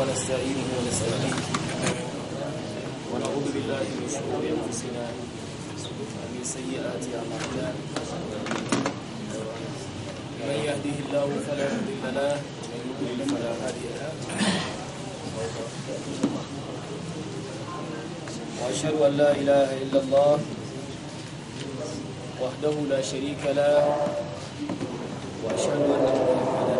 ونستعينه ونستهديه ونعوذ بالله من شرور انفسنا ومن سيئات اعمالنا من يهده الله فلا مضل له ومن يضلل فلا هادي له واشهد ان لا اله الا الله وحده لا شريك له واشهد ان محمدا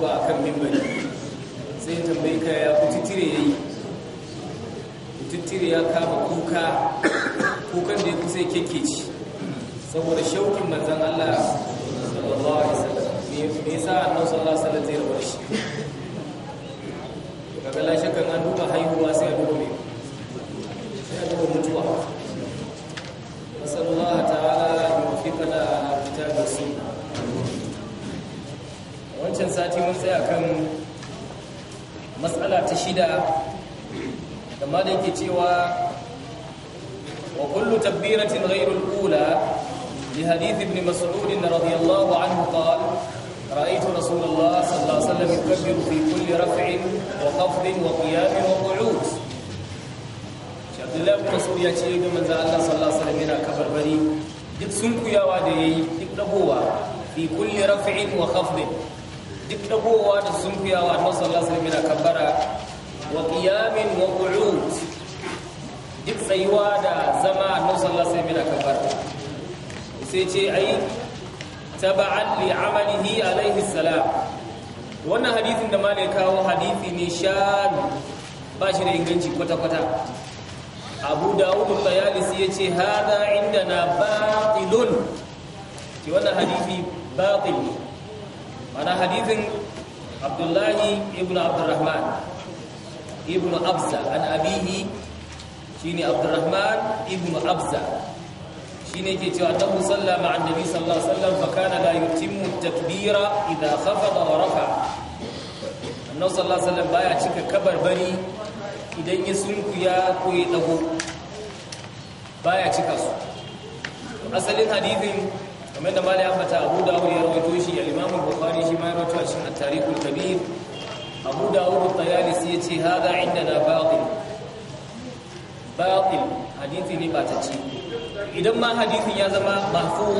ba a kan mimbari sai ya tambayi ka ya kututture ya yi kututture ya kama kuka kukan da ya kusa ya kekeci saboda shaukin manzan Allah sallallahu alaihi wasallam me yasa annabi sallallahu alaihi wasallam zai rabar shi kaga la kan shida kama da yake cewa wa kullu tabbiratin ghayru ula li hadith ibn mas'ud radiyallahu anhu qala رأيت رسول الله صلى الله عليه وسلم يكبر في كل رفع وخفض وقيام وقعود عبد الله بن مسعود ya ce ga manzo Allah sallallahu alaihi wasallam yana kabarbari duk sunkuyawa da yayi duk dagowa fi kulli raf'in wa khafd duk dagowa da sunkuyawa Allah sallallahu alaihi wasallam yana kabbara wa qiyamin wa qu'ud duk tsayuwa da zama annabi sallallahu alaihi wasallam kabar sai ce ai taba'an li amalihi alaihi salam wannan hadithin da malai kawo hadithi ne shan ba shi da inganci kwata-kwata abu dawud al-bayalisi yace hada indana batilun ki wannan hadisi batil mana hadithin abdullahi ibn abdurrahman Ibnu abza an abihi shine abdurrahman Ibnu abza shine yake cewa annabi sallama annabi sallallahu alaihi wasallam fa kana la yutimmu takbira idha khafada wa rafa'a annabi sallallahu alaihi wasallam baya cika kabarbari idan ya sunkuya ko ya dago baya cika su asalin hadithin kamar da malai ambata Abu Dawud ya rawaito shi al-Imam Bukhari shi ma ya rawaito shi a Tarikhul Kabir abu dawud tayalisi ya ce haza inda na batil batil hadithi ne ba ta ce idan ma hadithin ya zama mahfu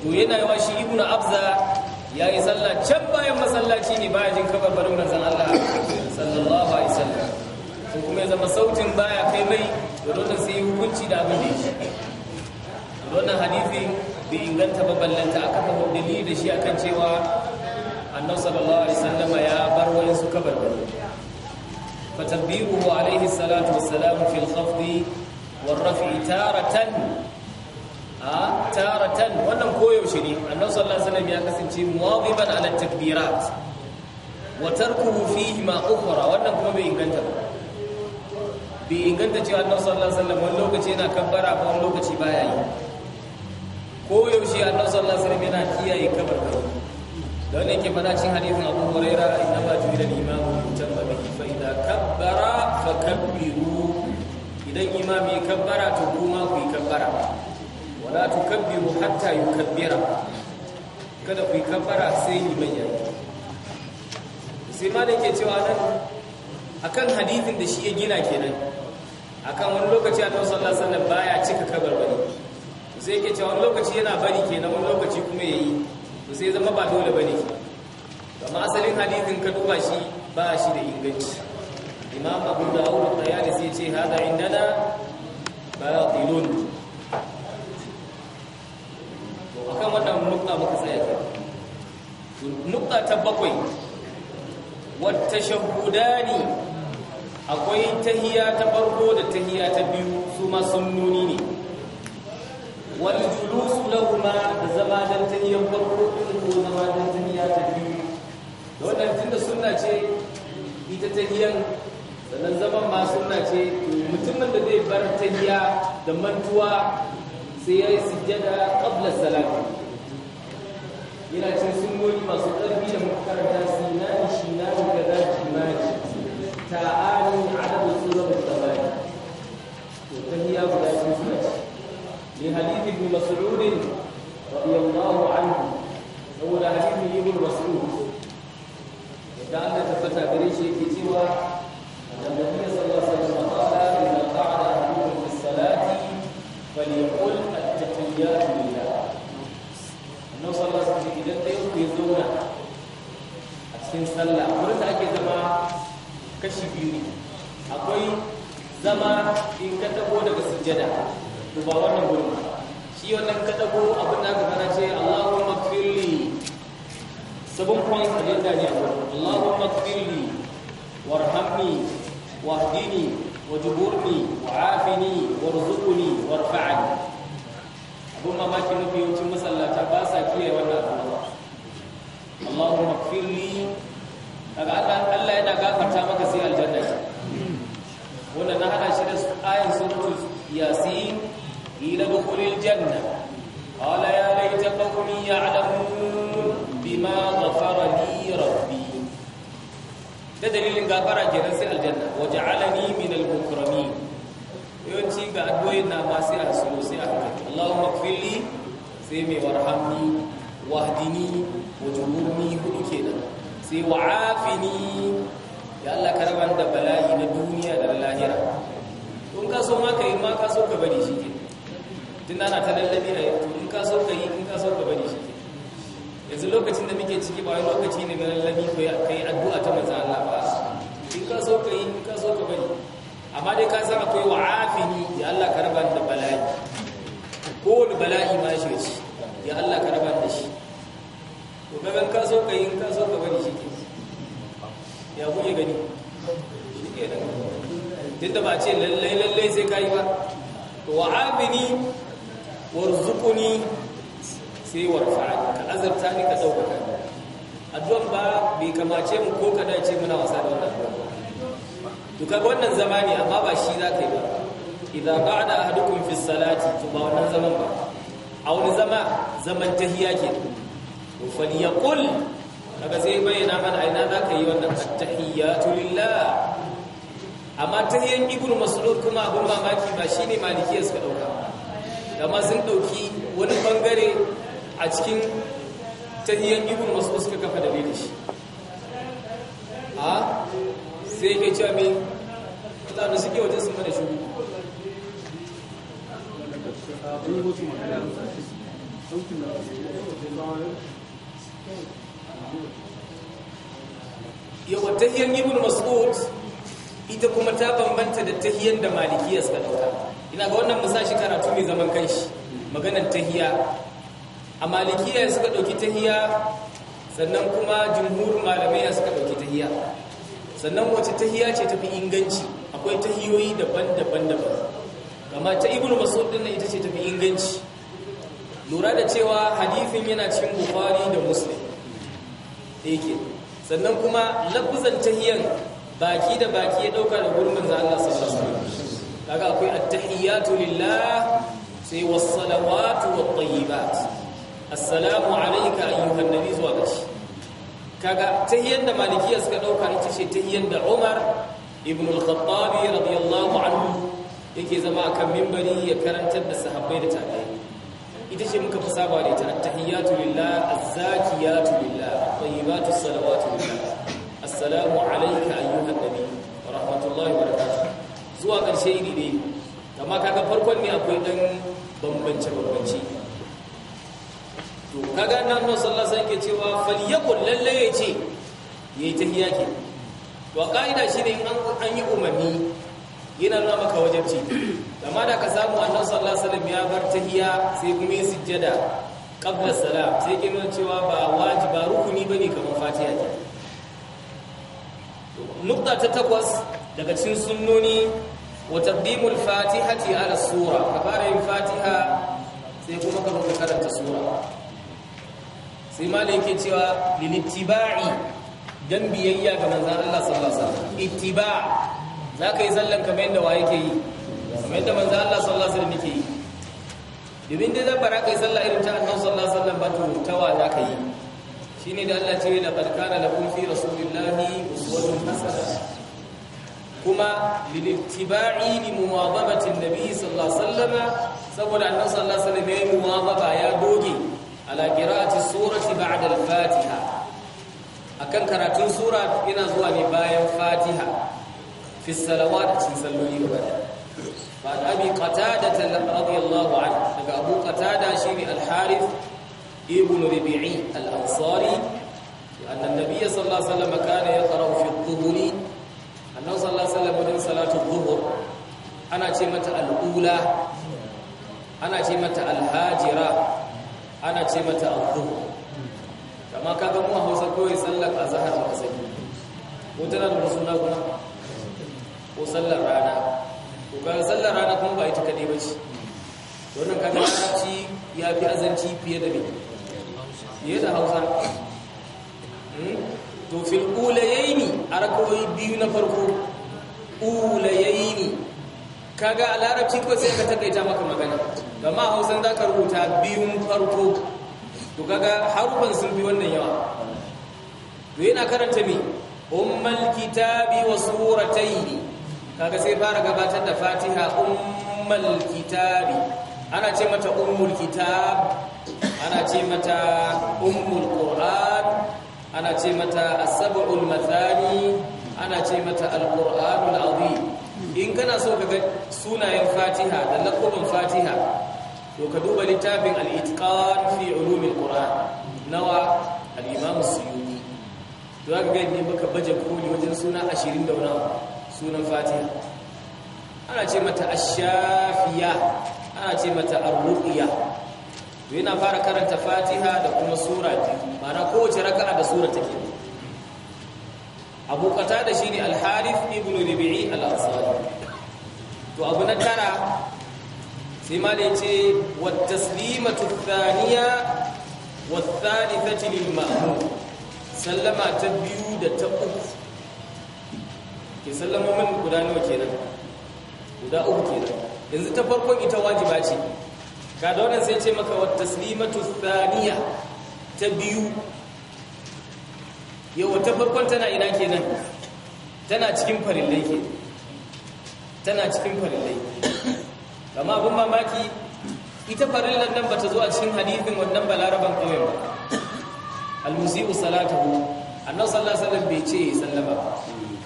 to yana yawa shi ibnu abza ya yi sallah can bayan masallaci ne baya jin kafa barin manzon Allah sallallahu alaihi wasallam to kuma ya zama sautin baya kai mai da dole sai hukunci da abin da yake wannan hadithin bai inganta baballanta aka kafa dalili da shi akan cewa annabi sallallahu alaihi wasallam ya bar wani su kabarbari fatabbihu alaihi salatu wassalamu fil khafdi war raf'i taratan a taratan wannan koyaushe ne annabi sallallahu alaihi wasallam ya kasance muwadiban ala takbirat wa tarkuhu fihi ma ukhra wannan kuma bai inganta ba bai inganta cewa annabi sallallahu alaihi wasallam wani lokaci yana kabbara ba wani lokaci baya yi koyaushe annabi sallallahu alaihi wasallam yana kiyaye kabar da wanda yake faɗa cikin hadisin abu huraira inna ma ju'ila al-imam yutamma bihi fa idza kabbara fakabbiru idan imam ya kabbara to kuma ku yi kabbara wala tukabbiru hatta yukabbira kada ku yi kabbara sai liman ya sai ma da ke cewa nan akan hadisin da shi ya gina kenan akan wani lokaci annabi sallallahu alaihi wasallam baya cika kabar bane sai yake cewa wani lokaci yana bari kenan wani lokaci kuma yayi to sai zama ba dole bane amma asalin hadisin ka duba shi ba shi da inganci imam abu dawud da sai ce hada indana batilun to akan wannan nukta muka tsaya ke nukta ta bakwai wata shahudani akwai tahiya ta farko da tahiya ta biyu su ma sunnuni ne wani julusu lahuma da zama don taniyar farko ko zama don taniya ta biyu da wannan tunda sunna ce ita taniyar sannan zaman ma sunna ce mutumin da zai bar taniya da mantuwa sai ya yi sujjada qabla salatu, yana cin sunnoni masu ƙarfi da makaranta sina shina kaza kimaji ta'ani adadu surat al-tabari to taniya guda لحديث ابن مسعود رضي الله عنه falyaqul kaga sai bayyana mana aina zaka yi wannan attahiyatu lillah amma ta tahiyyan ibnu mas'ud kuma abun mamaki ba shine maliki ya suka dauka amma sun dauki wani bangare a cikin tahiyyan ibnu mas'ud suka kafa dalilin shi a ah? sai ke cewa me mutane suke wajen sun fara shuru yawa tahiyyar ibn mas'ud ita kuma ta bambanta da tahiyyar da malikiyar suka dauka ina ga wannan musa shi karatu mai zaman kanshi maganar tahiyya a malikiyar suka dauki tahiyya sannan kuma jimhur malamai suka dauki tahiyya sannan wace tahiyya ce tafi inganci akwai tahiyoyi daban-daban daban kama ta ibn mas'ud din ita ce tafi inganci lura da cewa hadifin yana cikin bukhari da muslim yake sannan kuma lafzan tahiyan baki da baki ya dauka da gurbin manzo a sallallahu alaihi wasallam kaga akwai at-tahiyatu lillah sai was wa wat-tayyibat assalamu alayka ayyuhan nabiy zuwa gashi kaga tahiyan da malikiya suka dauka ita ce tahiyan da Umar ibn al-Khattab radiyallahu anhu yake zama kan mimbari ya karantar da sahabbai da tabi'ai ita ce muka fi saba da ita at-tahiyatu lillah az-zakiyatu lillah tayyibatu salawatu lillah assalamu alayka ayyuhan nabi wa rahmatullahi wa barakatuh zuwa karshe iri ne amma kaga farkon ne akwai dan bambance bambance to kaga nan no sallallahu alaihi wasallam yake cewa falyakul lalle yace yayi tahiyya ke wa kaida shine in an yi umarni yana nuna maka wajibci amma da ka samu annabi sallallahu alaihi wasallam ya bar tahiyya sai kuma yin sujjada qabla salam sai ke cewa ba wajiba rukuni bane kamar fatiha ce nukta ta takwas daga cikin sunnoni wa taqdimul fatihati ala sura ka fara yin fatiha sai kuma ka rubuta karanta sura sai malai yake cewa lilittiba'i dan biyayya ga manzon Allah sallallahu alaihi wasallam ittiba' zaka yi zallan kamar yadda waye yake yi kamar yadda manzo Allah sallallahu alaihi wasallam yake yi domin dai zabara kai sallah irin ta Annabi sallallahu alaihi wasallam ba to tawa za ka shine da Allah ce la barkana lakum fi rasulillahi uswatun hasana kuma lilittiba'i li muwadabati nabi sallallahu alaihi wasallam saboda annabi sallallahu alaihi wasallam yayi muwadaba ya doge ala qira'ati surati ba'da al-fatiha akan karatun sura yana zuwa ne bayan fatiha fi salawat cin salloli gaba ba da abi qatada radiyallahu anhu daga abu qatada shine al-harith ibn rabi'i al-ansari anna an-nabiy sallallahu alaihi wasallam kana yaqra'u fi adh-dhuhri annahu sallallahu alaihi wasallam wajen salatu adh-dhuhr ana ce mata al-ula ana ce mata al-hajira ana ce mata adh-dhuhr amma kaga mu Hausa kawai sallar azhar ba sai ko tana da suna kuma ko sallar rana ga sallar rana kuma ba ita kadai bace wannan kaga ci ya fi azanci fiye da me fiye da Hausa hmm? to fil ulayaini arakoyi biyu na farko ulayaini kaga a larabci ko sai ka takaita maka magana gama Hausan za ka rubuta biyun farko to kaga harufan sun fi wannan yawa to yana karanta me ummal kitabi wa surataini kaga sai fara gabatar da fatiha ummul kitabi ana ce mata ummul kitab ana ce mata ummul qur'an ana ce mata as-sab'ul mathani ana ce mata al-qur'anul azim in kana so ka ga sunayen fatiha da lakubin fatiha to ka duba littafin al-itqan fi ulumil qur'an nawa al-imam as-suyuti to ga ne baka baje koli wajen suna 20 da wani sunan fatiha ana ce mata ashafiya ana ce mata arruqiya to yana fara karanta fatiha da kuma sura biyu mana kowace raka'a da sura take abu qatada shine al-harith ibn rabi'i al-ansari to abu na tara sai ma da yace wa taslimatu thaniya wa thalithati lil ma'mum sallama ta biyu da ta uku ke sallamomin guda nawa kenan guda uku kenan yanzu ta farkon ita wajiba ce ga da wannan sai ce maka wat taslimatu thaniya ta biyu yawa ta farkon tana ina kenan tana cikin farillai ke tana cikin farillai amma abin mamaki ita farillan nan bata zo a cikin hadithin wannan balaraban kauyen ba al-musii'u salatuhu annabi sallallahu alaihi wasallam bai ce sallama ba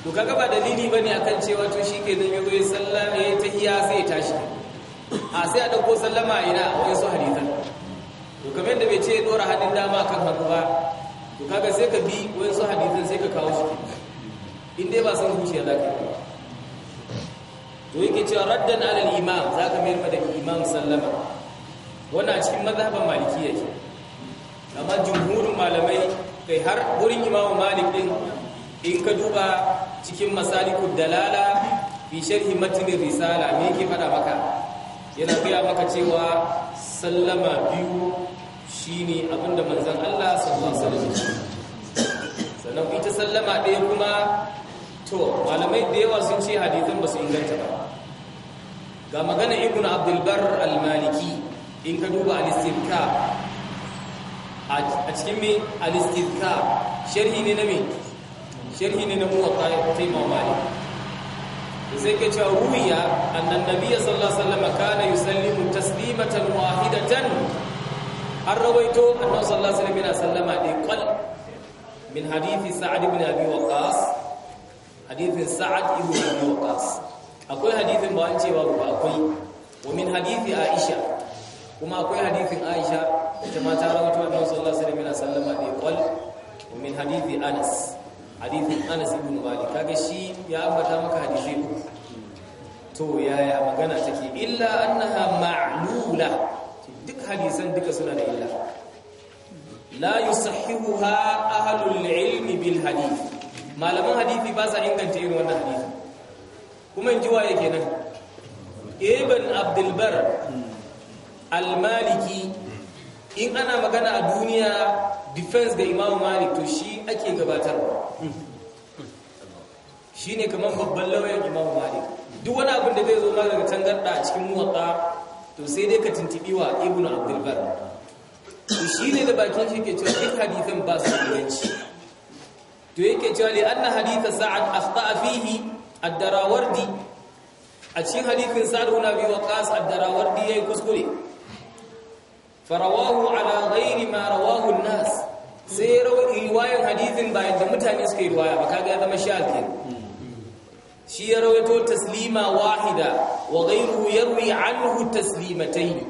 to kaga ba dalili bane akan cewa to ke yazo ya sallama ta tahiya sai ya tashi a sai a dauko sallama ina wani su hadisan to kamar da bai ce dora hadin dama kan hagu ba to kaga sai ka bi wani su hadisan sai ka kawo shi in dai ba san zuciya za yi to yake cewa raddan alal imam zaka mayar ma da imam sallama wannan a cikin mazhaban malikiyya ce amma jumhurin malamai kai har wurin imamu malik din in ka duba cikin masalikud dalala fi sharhi matinin risala me yake fada maka yana biya maka cewa sallama biyu shine abinda manzon Allah sallallahu alaihi wasallam sannan ita sallama ɗaya kuma to malamai da yawa sun ce hadithin ba su inganta ba ga magana ikon abdulbar al-maliki in ka duba al-istirka a cikin mai al-istirka sharhi ne na mai sharhi ne na muwatta ta imam malik to sai ke cewa ruwiya annan nabiyyi sallallahu alaihi wasallam kana yusallimu taslimatan wahidatan an rawaito annabi sallallahu alaihi wasallam yana sallama ne qal min hadithi sa'ad ibn abi waqas hadithin sa'ad ibn abi waqas akwai hadithin ba an cewa ba akwai wa min hadithi aisha kuma akwai hadithin aisha ita ma ta rawaito annabi sallallahu alaihi wasallam yana sallama ne qal min hadithi anas hadithin Anas ibn Malik kaga shi ya ambata maka hadisi to yaya magana take illa annaha ma'lula duk hadisan duka suna da illa la yusahhihuha ahlul ilm bil hadith malaman hadisi ba sa inganta irin wannan hadisi kuma in ji waye kenan ibn abdul bar al maliki in ana magana a duniya defense ga imam malik to shi ake gabatarwa shi ne kamar babban lauyan imamu malik duk wani abin da zai zo maka ga tangarɗa a cikin muwatta to sai dai ka tuntubi wa ibnu abdulbar to shi ne da bakin shi ke cewa duk hadithan ba su inganci to yake cewa li anna haditha sa'ad akhta'a fihi ad-darawardi a cikin hadithin sa'ad ibn abi waqas ad-darawardi yayi kuskure farawahu ala ghairi ma rawahu an-nas sai ya rawa riwayan hadithin bayan da mutane suka yi riwaya ba kaga ya zama shakin shi ya to taslima wahida wa ghayruhu yarwi anhu taslimatayn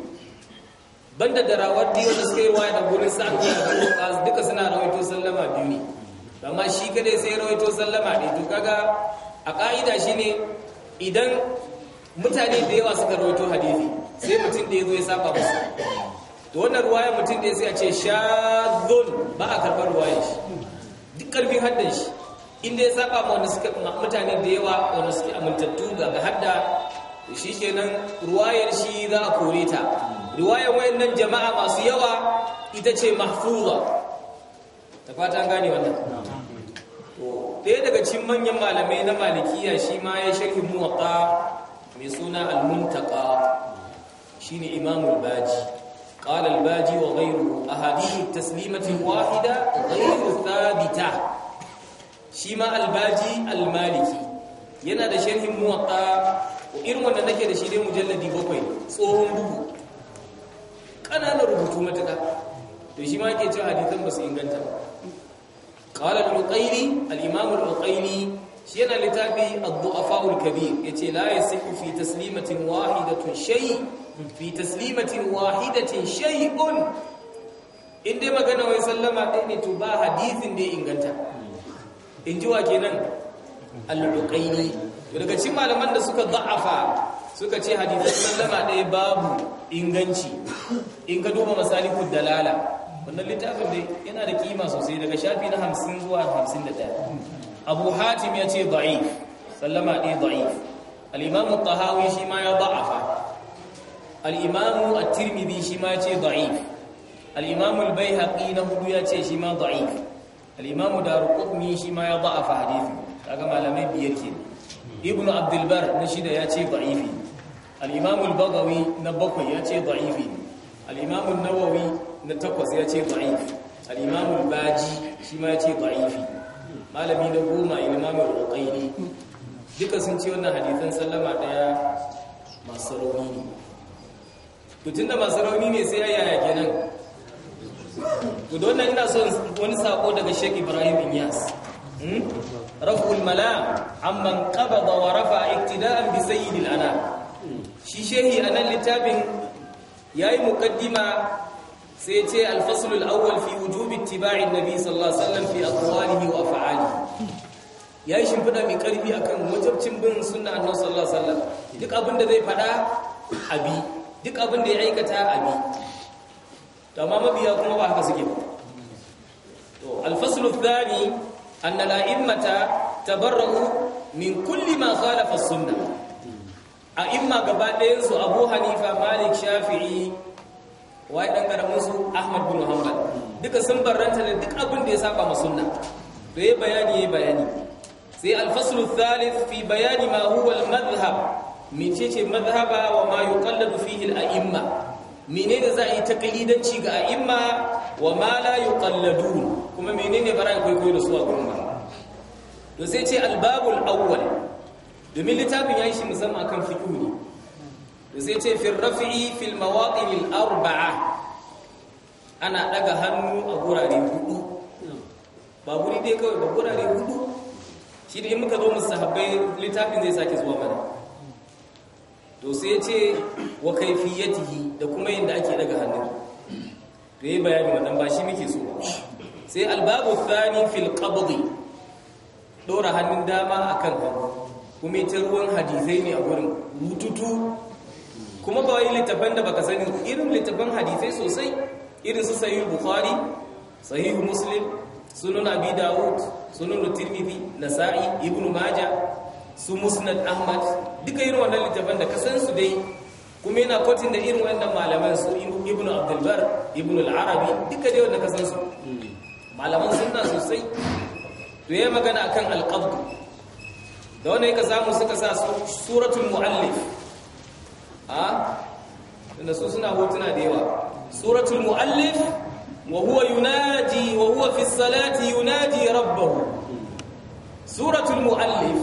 banda da rawadi wanda suka yi riwaya da gurin sa'ad bin duka suna to sallama biyu ne amma shi kadai sai ya to sallama ne to kaga a ka'ida shine idan mutane da yawa suka to hadisi sai mutum da ya zo ya saba musu to wannan ruwaya mutum da sai a ce shazun ba a karɓar ruwayen shi duk ƙarfin haddan shi inda ya saba ma wani suka mutane da yawa wani suke amintattu ga hadda shi ke nan ruwayar shi za a kore ta ruwayar nan jama'a masu yawa ita ce mahfuza ta fata an gane wannan ɗaya daga cikin manyan malamai na malikiya shi ma ya sharhi muwaƙa mai suna al-muntaka shine imamul baji قال الباجي وغيره أحاديث التسليمة الواحدة غير ثابتة شما الباجي المالكي ينا ده شرح موقع وإن وانا نكي ده شيء مجلد بقوي صوهم دبو كان أنا ربطو متكا ده شما يكي جو حديثا بس إنغانتا قال العقيلي الإمام العقيلي shi yana littafi ad-du'afa'ul kabir yace la yasihu fi taslimatin wahidatin shay fi taslimatin wahidatin shay'un dai magana wai sallama ɗaya ne to ba hadithin da inganta in ji wa kenan al-uqayni daga cikin malaman da suka da'afa suka ce hadithan sallama ɗaya babu inganci in ka duba masalikul dalala wannan littafin dai yana da kima sosai daga shafi na 50 zuwa 51 abu hatim ya ce da'if sallama ɗaya da'if al'imamu tahawi shi ma ya ba'afa al'imamu a tirmidhi shi ma ya ce da'if al'imamu albai haƙi na hudu ya ce shi ma da'if al'imamu daruƙutni shi ma ya ba'afa hadithi kaga malamai biyar ke ibnu abdulbar na shida ya ce da'ifi al'imamu albagawi na bakwai ya ce da'ifi al'imamu nawawi na takwas ya ce da'if al'imamu baji shi ma ya ce da'ifi malami na goma ilimamin rukaini duka sun ce wannan hadithan sallama daya masu rauni ne tutun da masu rauni ne sai yaya yake nan to wannan ina son wani sako daga sheik ibrahim inyas hmm? raf'ul malam amman qabada wa rafa iktida'an bi sayyidil ana shi shehi anan littafin yayi mukaddima sai ce alfasulul awwal fi wujubi ittiba'in nabi sallallahu alaihi wasallam fi aqwalihi wa af'alihi yayi shimfida mai karfi akan wajabcin bin sunna annabi sallallahu alaihi wasallam duk abin da zai fada abi duk abin da ya aikata abi to amma mabiya kuma ba haka suke ba to alfaslu thani an la immata tabarra'u min kulli ma khalafa as-sunnah a imma gaba ɗayan su Abu Hanifa Malik Shafi'i waye dan karamin su Ahmad bin duka sun barranta da duk abin da ya saba ma sunna to yayi bayani yayi bayani sai al-fasl ath-thalith fi bayani ma huwa al-madhhab mecece madhhaba wa ma yuqalladu fihi al-a'imma menene za a yi takalidanci ga a'imma wa ma la yuqalladun kuma menene bara kwaikwayo da su a gurin ba to sai ce al-babul awwal domin littafin yayi shi musamman akan fiqh ne to sai ce fil rafi'i fil mawaqil arba'a ana daga hannu a gurare hudu ba guri dai kawai ba gurare hudu shi ne muka zo mu musahabbai littafin zai sake zuwa mana to sai ya ce wa kaifiyatihi da kuma yadda ake daga hannu to yi bayani wannan ba shi muke so sai albabu thani fil qabdi dora hannun dama akan hannu kuma ita ruwan hadisai ne a gurin mututu kuma ba wai littafan da baka sani irin littafan hadisai sosai irin su sahih bukhari sahih muslim sunan abi dawud sunan tirmidhi nasa'i ibnu majah su musnad ahmad duka irin wannan littafan da ka san su dai kuma yana kotin da irin wannan malaman su ibnu abdul bar ibnu al-arabi duka dai wanda ka san su malaman sunna sosai to yayi magana akan al-qabd da wannan yake samu suka sa suratul muallif a tunda su suna hotuna da yawa suratul muallif wa huwa yunaji wa huwa fi salati yunaji rabbahu suratul muallif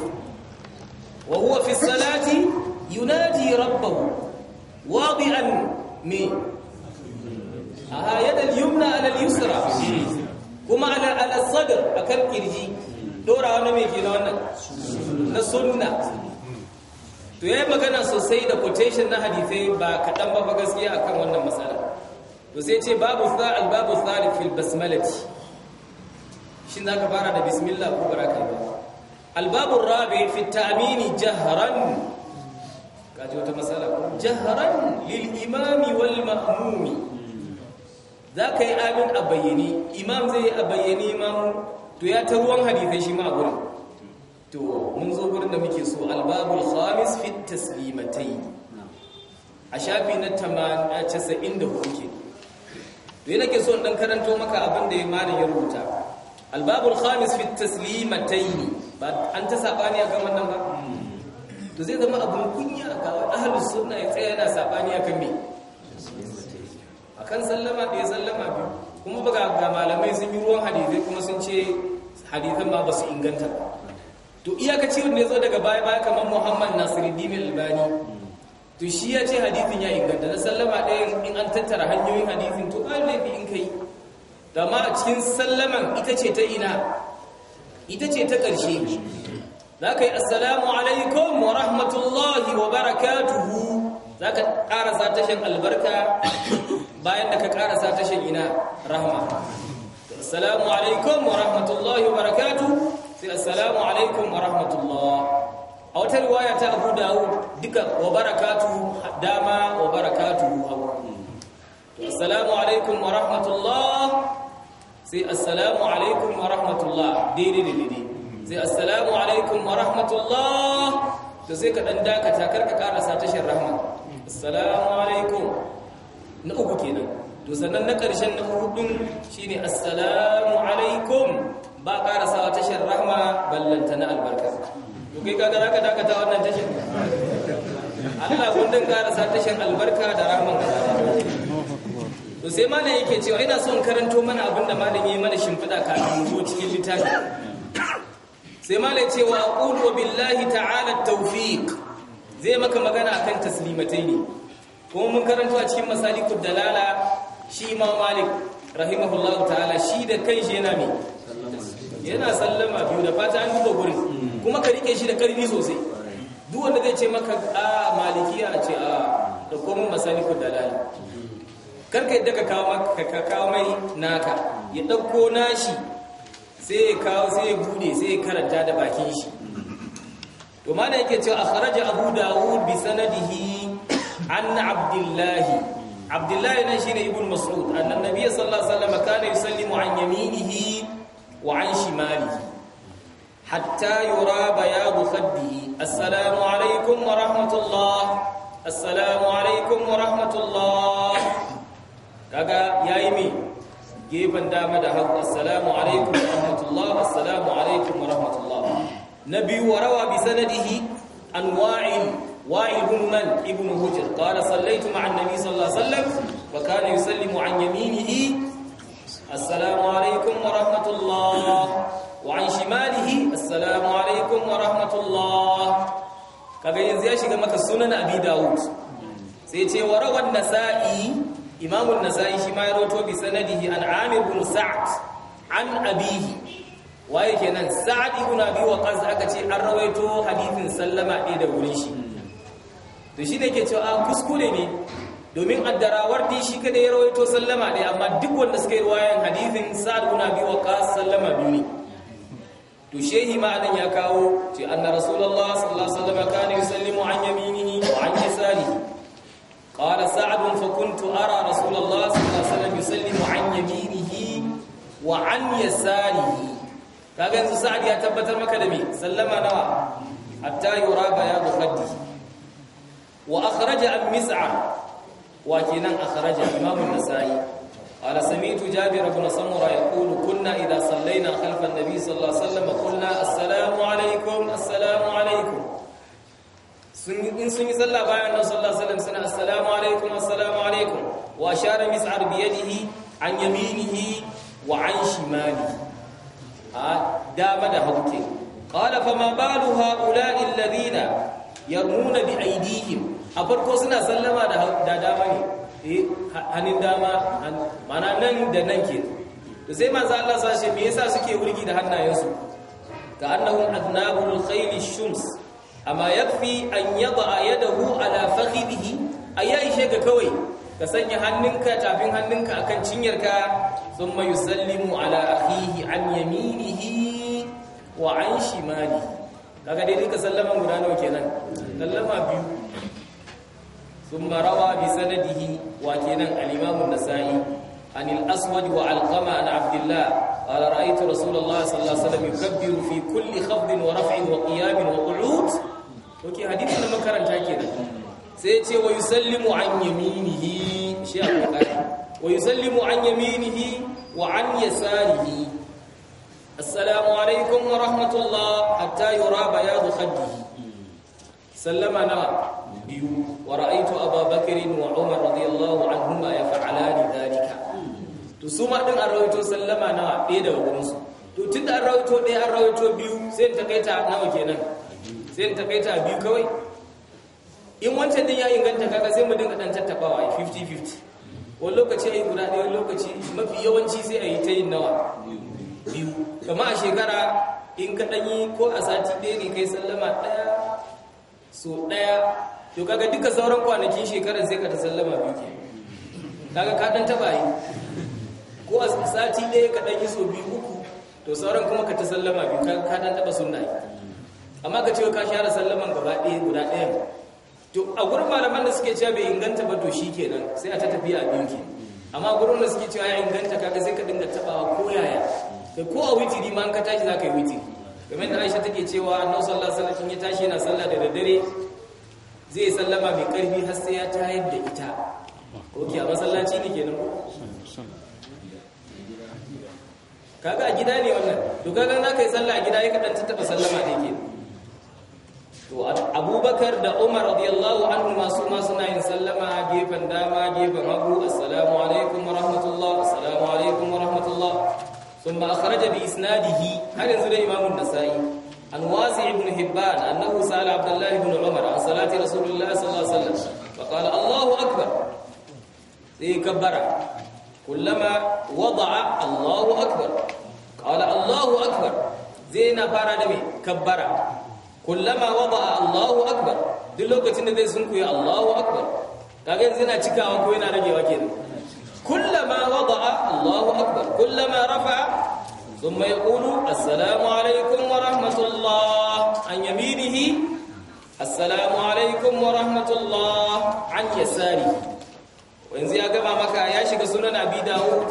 wa huwa fi salati yunaji rabbahu wadi'an mi aha yadal yumna ala al-yusra kuma ala al-sadr akan kirji dorawa na me na wannan na sunna to ya yi magana sosai da quotation na hadisai ba kaɗan ba ba gaskiya akan wannan matsala to sai ce babu sa albabu salif fil basmalati za zaka fara da bismillah ko baraka ba الباب Za ka yi amin a bayyane. جهرا zai yi a bayyane أبيني To ya ta ruwan hadithai shi ma a قرم to mun zo gurin da muke so albabul khamis fi taslimatai a shafi na 94 ke to yana ke so dan karanto maka abin da ya malam ya rubuta albabul khamis fi taslimatai ba an ta sabani akan wannan ba to zai zama abun kunya ga ahlus sunna ya tsaya yana sabani kan me akan sallama da ya sallama biyu kuma ba ga malamai sun yi ruwan hadisi kuma sun ce hadisan ma ba su inganta ba to ka wanda ya zo daga baya baya kamar muhammad nasiruddin albani to shi ya ce hadithin ya inganta na sallama ɗaya in an tattara hanyoyin hadithin to ba laifi in kai da ma cikin sallaman ita ce ta ina ita ce ta ƙarshe za ka yi assalamu alaikum wa rahmatullahi wa barakatuhu za ka ƙarasa tashin albarka bayan da ka ƙarasa tashin ina rahma assalamu alaikum wa rahmatullahi wa barakatuhu sai assalamu alaikum wa rahmatullah a wata riwaya ta Abu Dawud duka wa barakatu dama wa barakatuhu hagu assalamu alaikum wa rahmatullah sai assalamu alaikum wa rahmatullah daidai da daidai sai assalamu alaikum wa rahmatullah to sai ka dan dakata karka karasa tashin rahman. assalamu alaikum na uku kenan to sannan na karshen na hudun shine assalamu alaikum ba karasawa tashar rahma ballanta na albarka to kai kaga zaka dakata wannan tashar Allah gundin karasa tashar albarka da rahman gaba to sai malam yake cewa ina son karanto mana da malam yi mana shimfiɗa kafin mu zo cikin littafi sai malam ce wa aqulu billahi ta'ala tawfiq zai maka magana akan taslimatai ne kuma mun karanto a cikin masalikud dalala shi imam malik rahimahullahu ta'ala shi da kanshi yana mai yana sallama biyu da fata an duba gurin kuma ka rike shi da karfi sosai duk wanda zai ce maka a malikiya a ce a da komai masani ko dalali karka yadda ka kawo maka ka kawo mai naka ya dauko nashi sai ya kawo sai ya bude sai ya karanta da bakin shi to mana yake cewa akhraja abu dawud bi sanadihi an abdullahi عبد الله بن شين ابن مسعود أن النبي صلى الله عليه وسلم كان wa an shimalihi hatta yura bayadu khaddihi assalamu alaikum wa rahmatullah assalamu alaikum wa rahmatullah kaga yayi me gefen dama da hagu assalamu alaikum wa rahmatullah assalamu alaikum wa rahmatullah nabi wa rawa bi sanadihi an wa'il وائل بن من ابن هجر قال صليت مع النبي صلى الله عليه وسلم وكان يسلم عن يمينه assalamu alaikum wa rahmatullah wa an shimalihi assalamu alaikum wa rahmatullah kaga yanzu ya shiga maka sunan Abidawud. sai ce wa rawan nasa'i imam an-nasa'i shi ma ya rawato bi sanadihi an amir bin sa'd an abihi waye kenan sa'd ibn abi waqas aka ce an rawaito hadithin sallama ɗaya da wurin shi to shi ne ke cewa kuskure ne domin addarawardi shi kada ya rawaito sallama ɗaya amma duk wanda suka yi wayan hadithin sa'adu na biyu wa ka sallama biyu ne to shehi ma ya kawo ce anna rasulullah sallallahu alaihi wasallam kana yusallimu an ni wa an yasarihi Ƙara sa'ad fa kuntu ara Rasulallah sallallahu alaihi wasallam yusallimu an yaminihi wa an yasarihi kaga yanzu sa'ad ya tabbatar maka da me sallama nawa hatta yura bayadu khaddi wa akhraja an mis'a wake nan akhraja imam an-nasa'i ala samitu jabir ibn samura yaqulu kunna idha sallayna khalf an-nabi sallallahu alaihi wasallam qulna assalamu alaykum assalamu alaykum sun sun yi sallah bayan annabi sallallahu alaihi wasallam suna assalamu alaykum assalamu alaykum wa ashara mis'ar bi yadihi an yaminihi wa an shimali a dama da hauke qala fa ma balu ha'ula'i alladhina bi aydihim a farko suna sallama da dama ne eh, hannun dama mana nan da nan ke da sai manzo Allah sashe me yasa suke wurgi da hannayensu ga annahum adnabul khayl shums amma yakfi an yada yadahu ala fakhidhi ayi shega kawai ka sanya hannunka tafin hannunka akan cinyarka thumma yusallimu ala akhihi an yaminihi wa an shimalihi kaga dai duka sallaman guda nawa kenan sallama biyu sun barawa bi sanadihi wa kenan al-imamu nasa'i anil aswad wa alkama qama an abdillah qala ra'aytu rasulullah sallallahu alaihi wasallam yukabbiru fi kulli khafdin wa raf'in wa qiyamin wa qu'ud oke hadithu na makaranta kenan sai yace wa yusallimu an yaminihi shi al-qari wa yusallimu an yaminihi wa an yasarihi assalamu alaikum wa rahmatullah hatta yura bayadu khaddihi sallama nawa biyu wa ra'aytu ababakari wa umar radiyallahu anhu ma ya anhuma da dhalika to su ma din an rawaito sallama nawa ɗaya da gurin su to tunda an rawaito ɗaya an rawaito biyu sai in takaita nawa kenan sai in takaita biyu kawai in wancan din ya inganta kaga sai mu dinga dan tattabawa 50 50 wani lokaci ayi guda ɗaya wani lokaci mafi yawanci sai ayi ta yin nawa biyu kama a shekara in ka ɗanyi ko a sati ɗaya ne kai sallama ɗaya so ɗaya to kaga duka sauran kwanakin shekarar sai ka ta sallama biyu ke kaga ka dan taba yi ko a sati ɗaya ka dan yi so biyu uku to sauran kuma ka ta sallama biyu ka dan taba sunna amma ka ce ka share sallaman gaba ɗaya guda ɗaya to a gurin malaman da suke cewa bai inganta ba to shikenan sai a ta tafiya biyu ke amma gurin da suke cewa ya inganta kaga sai ka dinga tabawa ko yaya kai ko a witiri ma an ka tashi za ka yi witiri kamar da Aisha take cewa Annabi sallallahu alaihi wasallam ya tashi yana sallah da daddare zai sallama mai karfi har sai ya tayar da ita ok a masallaci ne kenan kaga a gida ne wannan to kaga na kai sallah a gida ya kadan tattaba sallama ne ke. to abubakar da umar radiyallahu anhu masu ma suna yin sallama gefen dama gefen hagu assalamu alaikum wa rahmatullah assalamu alaikum wa rahmatullah thumma akhraja bi isnadihi har yanzu da imamun nasa'i الوازع بن حبان أنه سأل عبد الله بن عمر عن صلاة رسول الله صلى الله عليه وسلم فقال الله أكبر كبر كلما وضع الله أكبر قال الله أكبر زين فاردمي كبر كلما وضع الله أكبر duk lokacin da zai sunku ya Allahu akbar kaga yanzu yana cikawa ko yana ragewa kenan kullama wada'a Allahu akbar kullama rafa'a ثم يقول السلام عليكم ورحمة الله عن يمينه السلام عليكم ورحمة الله عن يساره وإنزي أقبع مكا ياشك سنن أبي داود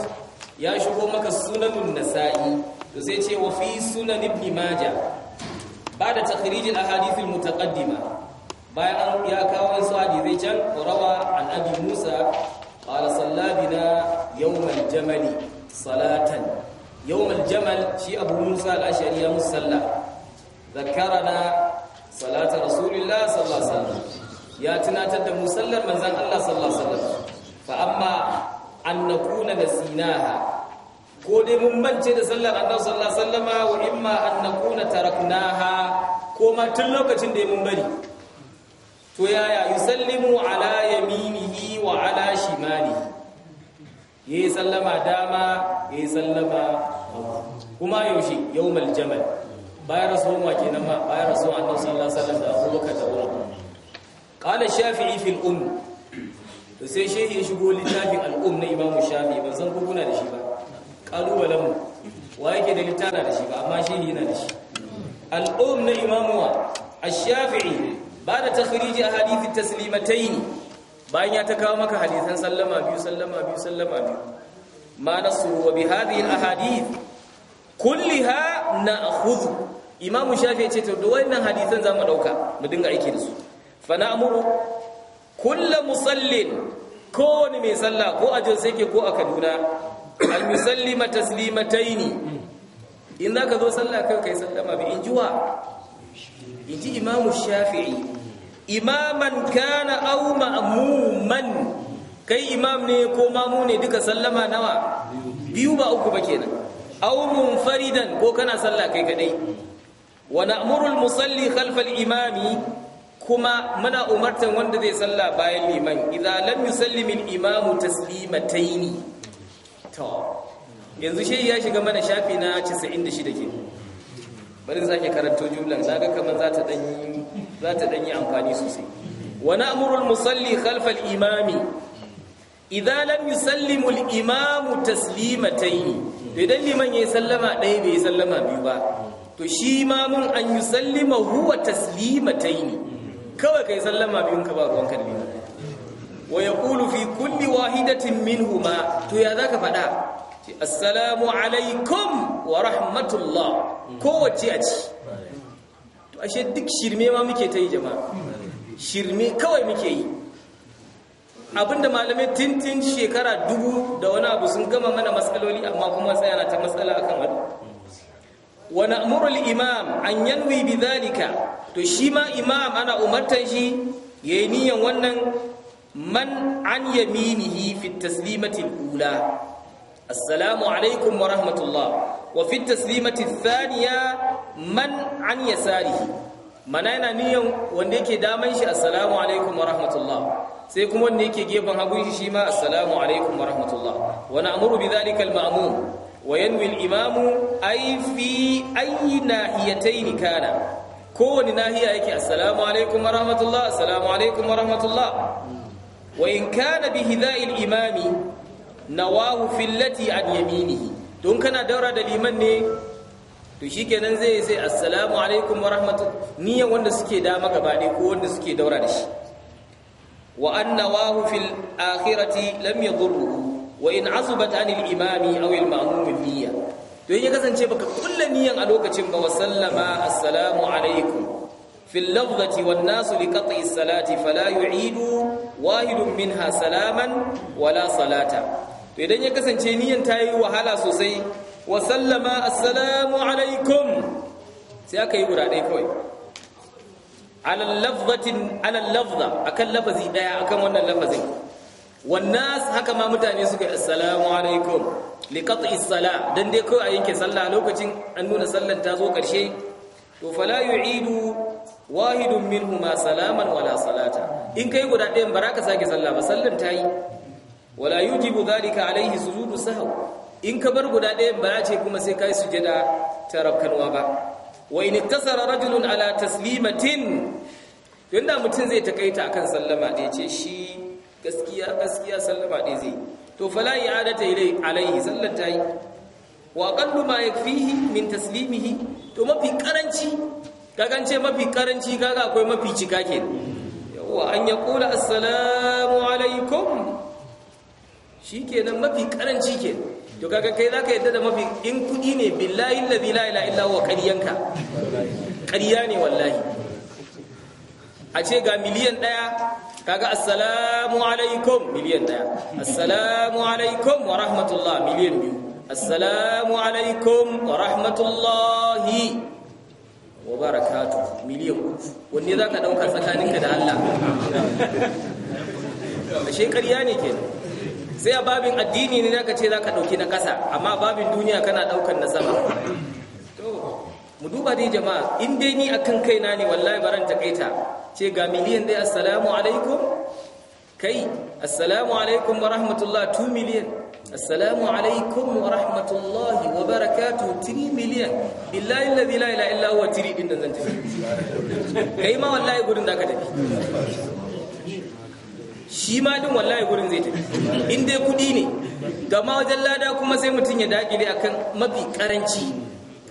ياشك مكا سنن النسائي تسيتي وفي سنن ابن ماجه بعد تخريج الأحاديث المتقدمة bayan ya kawo wasu hadisai can rawa an abi musa qala salla bina yawmal jamali salatan yawmal jamal shi abu musa al-ashari ya musalla zakkarana salata rasulillah sallallahu alaihi ya tunatar da musallar manzon Allah sallallahu alaihi wasallam fa amma an nakuna nasinaha ko dai mun mance da sallar annabi sallallahu alaihi wasallama wa imma an nakuna taraknaha ko ma tun lokacin da mun bari to yaya yusallimu ala yaminihi wa ala shimalihi ya yi sallama dama ya yi sallama kuma yaushe yawmal jamal bayan rasuwan wa nan ma bayan rasuwan annabi sallallahu alaihi da abubakar da umar qala shafi fil umm to sai shehi ya shigo littafin al'um na imamu shafi ban san kuna da shi ba kalubalen mu wa yake da littara da shi ba amma shehi yana da shi al'um na Imamuwa a ash-shafi'i ba da takhriji ahadith at-taslimatayn bayan ya ta kawo maka hadisan sallama biyu sallama biyu sallama biyu ma nasu wa bi hadhihi alahadith kulliha na'khudhu imam shafi ce to da wannan hadisan zamu dauka mu dinga aiki da su fa na'muru kullu musallin ko wani mai salla ko a Jos ke, ko a Kaduna al musallima taslimataini in zaka zo sallah kai kai sallama bi injuwa inji imam shafi'i imaman kana au ma'muman kai imam ne ko mamu ne duka sallama nawa biyu ba uku ba kenan au munfaridan ko kana sallah kai kadai wa na'muru al-musalli khalfa al-imami kuma muna umartan wanda zai salla bayan liman idza lam yusallim al-imamu taslimataini to yanzu shi ya shiga mana shafi na 96 ke bari sake karanto jumlan naga kamar za ta danyi. za ta ɗanyi amfani sosai wani amurul musalli khalfal imami idan lam yusallimu al-imamu taslimatayn idan liman yayi sallama ɗaya bai sallama biyu ba to shi imamun an yusallima huwa taslimatayn kawai kai sallama biyun ka ba ruwan kalbi wa yaqulu fi kulli wahidatin minhuma to ya zaka faɗa assalamu alaikum wa rahmatullah kowace a ci ashe duk shirme ma muke ta yi jama'a shirme kawai muke yi abinda malamai tintin shekara dubu da wani abu sun gama mana matsaloli amma kuma tsayana ta matsala akan wani wani amurul imam an yanwi zalika to shi ma imam ana umartan shi ya yi niyan wannan man an yaminihi fi taslimatin ula assalamu alaikum wa rahmatullah wa fi taslimati thaniya man an yasarihi mana yana niyan wanda yake daman shi assalamu alaikum wa rahmatullah sai kuma wanda yake gefen hagun shi ma assalamu alaikum wa rahmatullah wa na'muru bi dhalika al-ma'mum wa yanwi al-imam ay fi ayi nahiyatayn kana kowani nahiya yake assalamu alaikum wa rahmatullah assalamu alaikum wa rahmatullah wa in kana bi hidai al-imam nawahu fi allati an yaminihi don kana daura da liman ne to shi kenan zai sai assalamu alaikum wa rahmatu wanda suke da maka ko wanda suke daura da shi wa annawahu fil akhirati lam yadurru wa in azubat anil imami aw al ma'mum niyya to ya kasance baka kulla niyan a lokacin ba wa sallama assalamu alaikum في اللفظة والناس لقطع الصلاة فلا wahidun min ha salaman wala salata? to idan ya kasance niyan ta yi wahala sosai wa sallama assalamu alaikum sai aka yi guda ɗaya kawai alal lafzatin alal lafza akan lafazi ɗaya akan wannan lafazin Wannan haka ma mutane suka yi assalamu alaikum li qat'i salah dan dai kawai a yanke sallah lokacin an nuna sallar ta zo karshe to fala yu'idu wahidun minhuma salaman wala salata in kai guda ɗayan baraka sake sallah ba sallar ta yi wala yujibu dhalika alaihi sujudu sahw in ka bar guda ɗayan ba ce kuma sai kai sujada ta wa ba wa in iktasara rajulun ala taslimatin yanda mutum zai takaita akan sallama da yace shi gaskiya gaskiya sallama da zai to fala i'adata ilai alaihi sallan yi. wa qallu ma yakfihi min taslimihi to mafi karanci kagance mafi karanci kaga akwai mafi cika kenan yawa an ya kula assalamu alaikum shi kenan mafi karanci ke to kaga kai zaka yadda da mafi in kudi ne billahi allazi la ilaha illa huwa qariyanka qariya ne wallahi a ce ga miliyan daya kaga assalamu alaikum miliyan daya assalamu alaikum wa rahmatullah miliyan biyu assalamu alaikum wa rahmatullahi wa barakatuh miliyan wanne zaka dauka tsakaninka da Allah ashe ƙarya ne kenan sai a babin addini ne ka ce za ka dauki na kasa amma babin duniya kana daukar na sama to mu duba dai jama'a in dai ni akan kaina ne wallahi baran takaita ce ga miliyan dai assalamu alaikum kai assalamu alaikum wa rahmatullah 2 miliyan assalamu alaikum wa rahmatullahi wa barakatu 3 miliyan billahi alladhi la ilaha illa huwa 3 din nan zan tafi kai ma wallahi gudun ka tafi shi ma din wallahi gurin zai tafi in dai kudi ne gama wajen lada kuma sai mutum ya dakile akan mafi karanci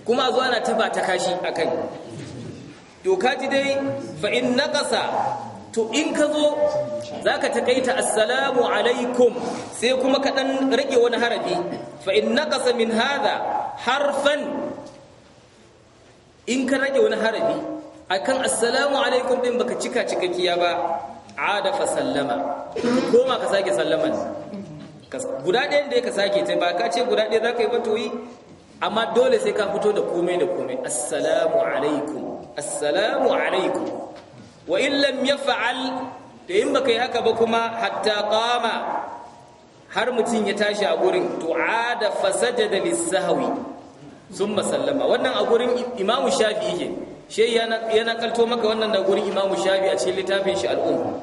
kuma zuwa na taba ta kashi akan to ji dai fa in naqasa to in ka zo za ka taƙaita assalamu alaikum sai kuma ka ɗan rage wani harafi fa in naƙasa min haza harfan in ka rage wani harafi akan assalamu alaikum ɗin baka cika cikakkiya ba ada fa sallama koma ka sake sallama guda ɗayan da ka sake ta ba ka ce guda ɗaya za ka yi batoyi amma dole sai ka fito da komai da komai assalamu alaikum assalamu alaikum wa in ya fa'al, da in baka yi haka ba kuma hatta kama har mutum ya tashi a gurin to ada lissahawi. Sun ma sallama wannan a gurin imamu shafi yake shi ya nakalto maka wannan da gurin imamu shafi a cikin littafin shi al'umma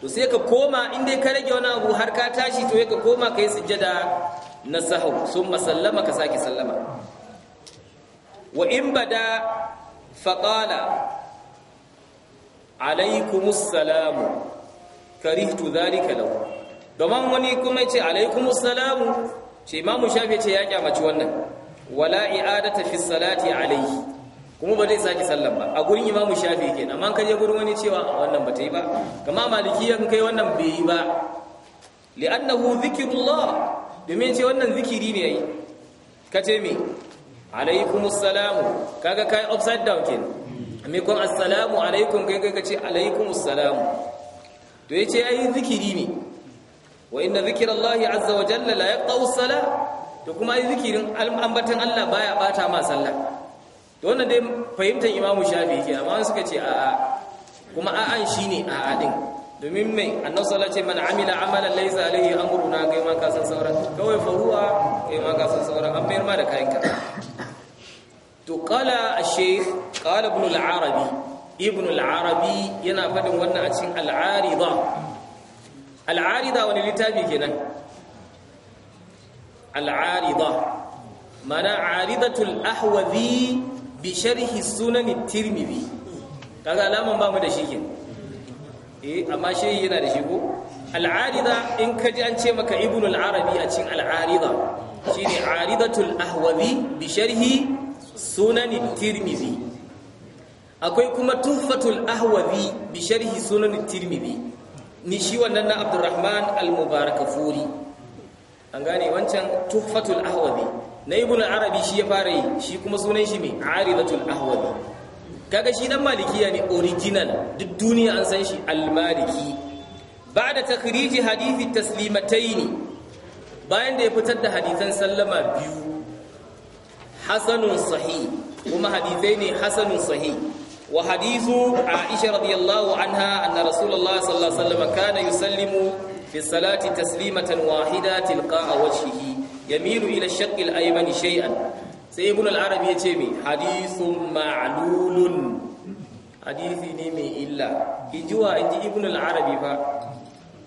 to sai ka koma in dai ka rage wani abu har ka tashi to ya ka koma ka yi sujjada na sahau sun masallama ka sake sallama wa in bada faƙala alaikumus salamu karihtu zalika lahu domin wani kuma ya ce alaikumus salamu ce imamu shafi ce ya kyamaci wannan wala i'adata fi salati alaihi kuma ba zai sake sallan ba a gurin imamu shafi ke amma kan je gurin wani cewa wannan ba ta yi ba kama maliki ya kai wannan bai yi ba li'annahu zikrullah domin ce wannan zikiri ne yayi kace me alaikumus salamu kaga kai upside down ken me kun assalamu alaikum kai kai ka ce, alaikumus salamu to yace ai zikiri ne wa inna zikrullahi azza wa jalla la yaqta'u salat to kuma yi zikirin ambatan Allah baya bata ma sallah to wannan dai fahimtar imamu shafi ke amma suka ce a'a kuma a'an shine a'a din domin mai annabi sallallahu alaihi man amila amalan laysa alaihi amruna kai ma ka san sauran kawai faruwa kai ma ka san sauran an mayar ma da kayan ka to qala ash-shaykh qala ibn al-arabi ibn al-arabi yana fadin wannan a cikin al-arida al-arida wani littafi kenan al-arida mana aridatul ahwazi bi sharhi sunan tirmidhi kaga alaman ba mu da shi ke eh amma shehi yana da shi ko al'arida in ka an ce maka ibnu al-arabi a cikin al'arida shine aridatul ahwazi bi sharhi sunan tirmidhi akwai kuma tuhfatul ahwazi bi sharhi sunan tirmidhi ni shi wannan na abdurrahman al-mubarakafuri an gane wancan tuhfatul ahwazi na ibn arabi shi ya fara yi shi kuma sunan shi mai aridatul ahwazi kaga shi dan malikiya ne original duk duniya an san shi al-maliki ba'da takriji hadithi taslimatayn bayan da ya fitar da hadithan sallama biyu hasanun sahih kuma hadithai ne hasanun sahih wa hadithu aisha radiyallahu anha anna rasulullah sallallahu alaihi wasallam kana yusallimu fi salati taslimatan wahida tilqa'a wajhihi yamilu ila shaqqil ayman shai'a sai ibn al-arab ya ce mi hadithun ma'lulun hadithi ne mai illa ijuwa inji ibn al-arab fa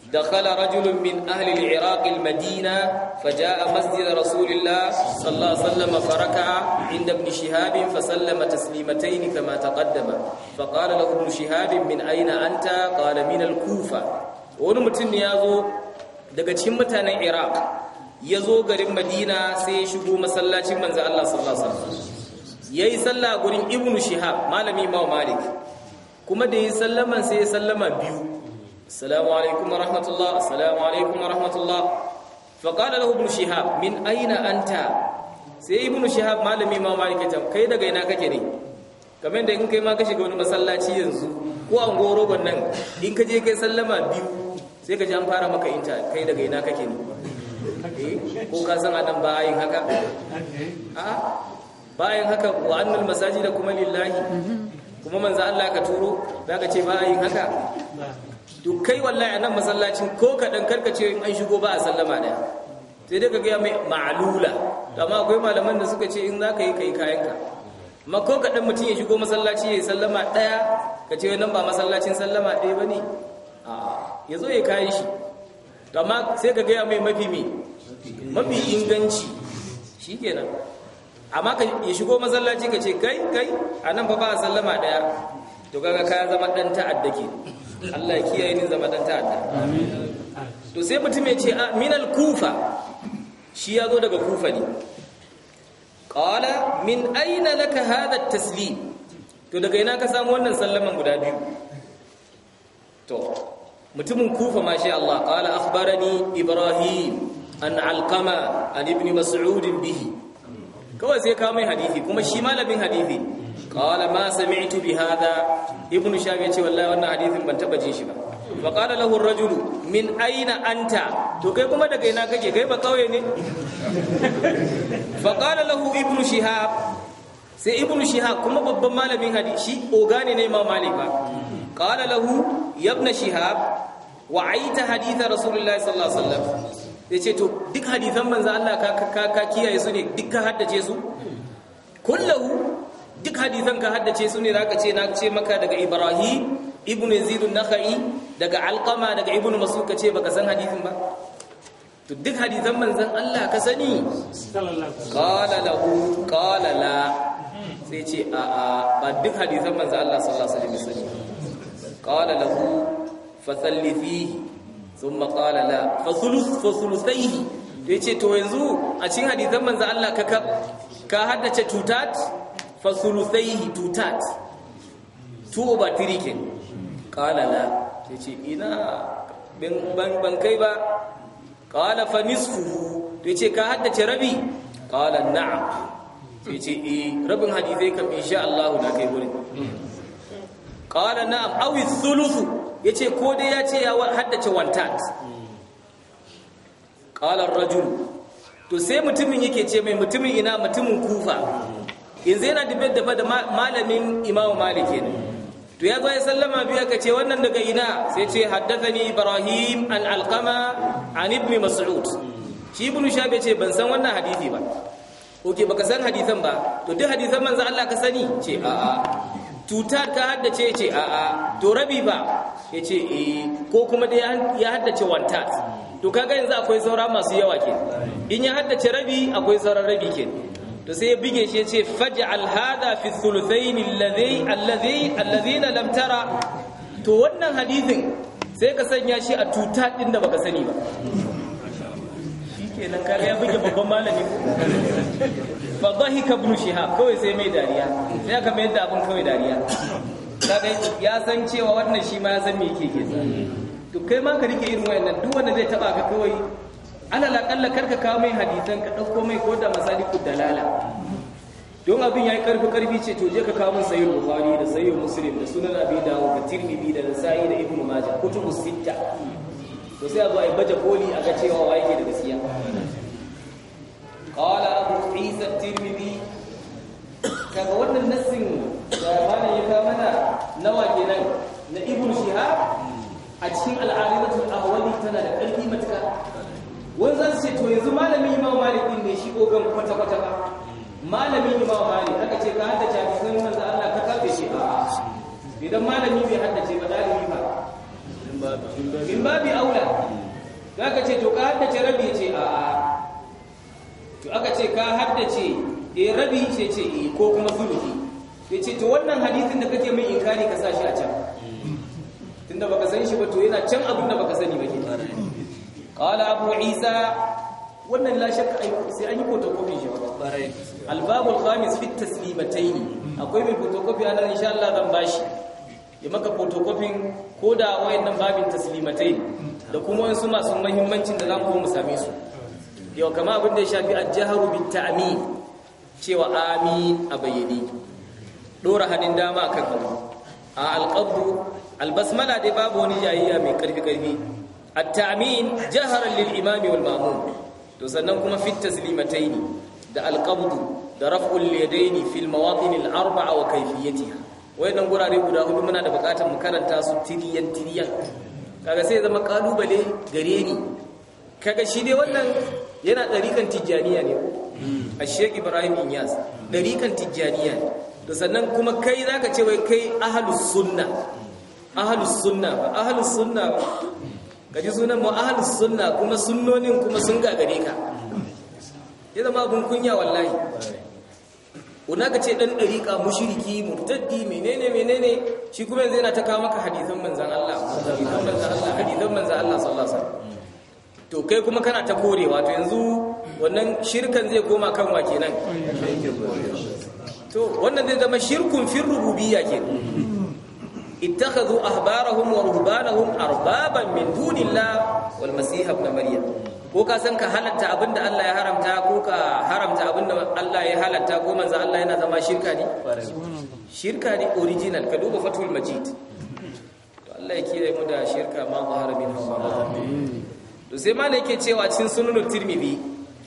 dakhala rajulun min ahli al-iraq al-madina faja'a masjid rasulillah sallallahu faraka inda ibn shihab fa sallama taslimatayn kama taqaddama fa qala lahu ibn shihab min ayna anta qala min al-kufa wani mutum ya zo daga cikin mutanen iraq ya zo garin madina sai ya shigo masallacin manzan Allah sallallahu alaihi wasallam yayi sallah gurin ibnu shihab malami imam malik kuma da yi sallaman sai ya sallama biyu assalamu alaikum warahmatullah assalamu alaikum warahmatullah fa qala lahu ibnu shihab min aina anta sai ibnu shihab malami imam malik ya kai daga ina kake ne kamar da in kai ma ka shiga wani masallaci yanzu ko an goro nan in ka je kai sallama biyu sai ka ji an fara maka inta kai daga ina kake ne ko ka san adam ba haka bayan haka wa annal da kuma lillahi kuma manzo Allah ka turo zaka ce ba haka to kai wallahi anan masallacin ko kadan karkace in an shigo ba a sallama daya sai dai ka ga mai ma'lula amma akwai malaman da suka ce in zaka yi kai kayanka amma ko kadan mutum ya shigo masallaci ya sallama daya ka ce nan ba masallacin sallama daya bane a yazo ya kai shi amma sai ka ga mai mafi mafi inganci shi kenan amma ka ya shigo masallaci ka ce kai kai a nan fa ba a sallama ɗaya to kaga ka zama ɗan ta'adda ke Allah ya kiyaye ni zama ɗan ta'adda to sai mutum ya ce minal kufa shi ya zo daga kufa ne qala min aina laka hadha taslim to daga ina ka samu wannan sallaman guda biyu to mutumin kufa ma sha Allah qala akhbarani ibrahim an alkama an ibn mas'udin bihi kawai sai kawo mai hadithi kuma shi malamin hadithi qala ma sami'tu bi hadha ibn shafi ya ce wallahi wannan hadithin ban taba jin shi ba fa qala lahu ar-rajul min aina anta to kai kuma daga ina kake kai ba kauye ne fa qala lahu ibn shihab sai ibn shihab kuma babban malamin hadisi shi ogane ne ma malik ba qala lahu ya shihab wa aita hadith rasulullahi sallallahu alaihi wasallam ya ce to duk hadithan manzo Allah ka kiyaye su ne duk ka haddace su kullahu duk hadithan ka haddace su ne zaka ce na ce maka daga Ibrahim ibn Yazid an-Nakhai daga Alqama daga Ibn Mas'ud ka ce baka san hadithin ba to duk hadithan manzon Allah ka sani qala lahu qala la sai ce a a ba duk hadithan manzon Allah sallallahu alaihi wasallam sani qala lahu fa fihi sun maƙala la fasulusaihi ya ce to yanzu a cikin Hadizan manzo Allah ka ka haddace tutat fasulusaihi tutat 2 over three ke ƙala la ya ce ina ban kai ba ƙala fa nisfuhu ya ce ka haddace rabi ƙala na'am Ya ce eh rabin hadisai kam insha Allah da kai gurin qala na'am aw sulusu. ya ce ko dai ya ce ya haddace wantat ƙalar rajul to sai mutumin yake ce mai mutumin ina mutumin kufa yanzu yana dubbe da da malamin imamu malik ne to ya zo ya sallama biya ka ce wannan daga ina sai ce ni ibrahim an alkama an ibn mas'ud shi ibn shab ya ce ban san wannan hadithi ba oke baka san hadisan ba to duk hadisan manzo Allah ka sani ce a'a cutar ka haddace ce a a to rabi ba ya ce eh ko kuma dai ya haddace wanta. to kaga yanzu akwai saura masu yawa ke in ya haddace rabi akwai sauran rabi ke to sai ya bige shi ya ce faj'al hadha fi thuluthayn alladhi alladhi alladhina lam tara to wannan hadithin sai ka sanya shi a tuta din da baka sani ba shikenan kaga ya bige babban malami fa dhahika ibn shihab kawai sai mai dariya sai aka mai da abun kawai dariya kaga ya san cewa wannan shi ma ya san me yake ke to kai ma ka rike irin nan duk wanda zai taba ka kawai ana laƙalla karka kawo mai hadisan ka ɗauko mai ko da ku dalala don abin ya yi karfi ƙarfi ce to je ka kawo min sayyid bukhari da sayyid muslim da sunan abi dawud da tirmidhi da nasa'i da ibnu majah kutubu sitta to sai a zo baje koli a ga cewa waye ke da gaskiya qala abu isa tirmidhi kaga wannan nassin da malam ya kawo mana nawa kenan na ibn shihab a cikin al'arimatul ahwali tana da ƙarfi matuka wanzan ce to yanzu malamin imam malik din ne shi ogan kwata kwata ba malamin imam malik aka ce ka haddace hadisin manzo Allah ka kafe shi ba idan malami bai haddace ba dalibi ba in babi aula zaka ce to ka haddace rabi ce a to aka ce ka haddace eh rabi ce ce eh ko kuma sulusi ya ce to wannan hadithin da kake mai inkari ka sa shi a can tunda baka san shi ba to yana can abin da baka sani ba ke qala abu isa wannan la shakka sai an yi photocopy shi ba albabu alkhamis fi taslimatayn akwai mai photocopy ana insha Allah zan bashi ya maka photocopy ko da wayannan babin taslimatai da kuma wasu masu muhimmancin da za mu same su yau kama abin da ya shafi aljaharu bin ta'ami cewa amin a bayyane dora hannun dama akan hagu a alqabdu albasmala dai babu wani jayayya mai karfi karfi at-ta'min jaharan lil wal to sannan kuma fit taslimataini da alƙabdu da raf'ul yadaini fil mawatin al wa kayfiyatiha wayannan gurare guda hudu muna da bukatar mu karanta su tiriyan tiriyan kaga sai zama kalubale gare ni kaga shi dai wannan yana ɗarikan tijjaniya ne a sheik ibrahim inyas ɗarikan tijjaniya ne da sannan kuma kai za ka ce wai kai ahalus sunna ahalus sunna ba ahalus sunna ba ka ji sunan mu ahalus sunna kuma sunnonin kuma sun gagare ka ya zama abin kunya wallahi una ka ce ɗan ɗarika mushiriki murtaddi menene menene shi kuma yanzu yana ta kawo maka hadisan manzan Allah hadisan manzan Allah hadisan manzan Allah sallallahu alaihi wasallam to kai kuma kana ta korewa to yanzu wannan shirkan zai koma kan wa kenan to wannan zai zama shirkun fil rububiyya kenan ittakhadhu ahbarahum wa ruhbanahum arbaban min dunillah wal masih ibn maryam ko ka san ka halatta abinda Allah ya haramta ko ka haramta abinda Allah ya halatta ko manzo Allah yana zama shirka ne shirka ne original ka duba fatul majid to Allah ya kiyaye mu da shirka ma zahara min hawa amin to sai malai yake cewa cikin sunan tirmidhi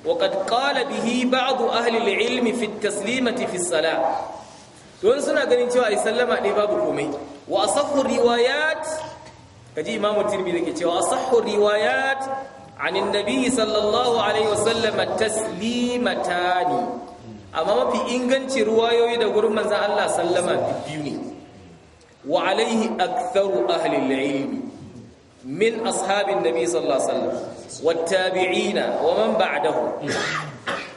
wa qad qala bihi ba'd ahli al-ilm fi at-taslimati fi as-salah don suna ganin cewa ai sallama dai babu komai wa asahhu riwayat kaji imam tirmidhi yake cewa asahhu riwayat an an-nabi sallallahu alaihi wasallam at-taslimatani amma mafi inganci ruwayoyi da gurman manzon Allah sallama biyu ne wa alaihi aktharu ahli al-ilm min ashabin nabi sallallahu alaihi wasallam wattabi'ina wa man ba'dahu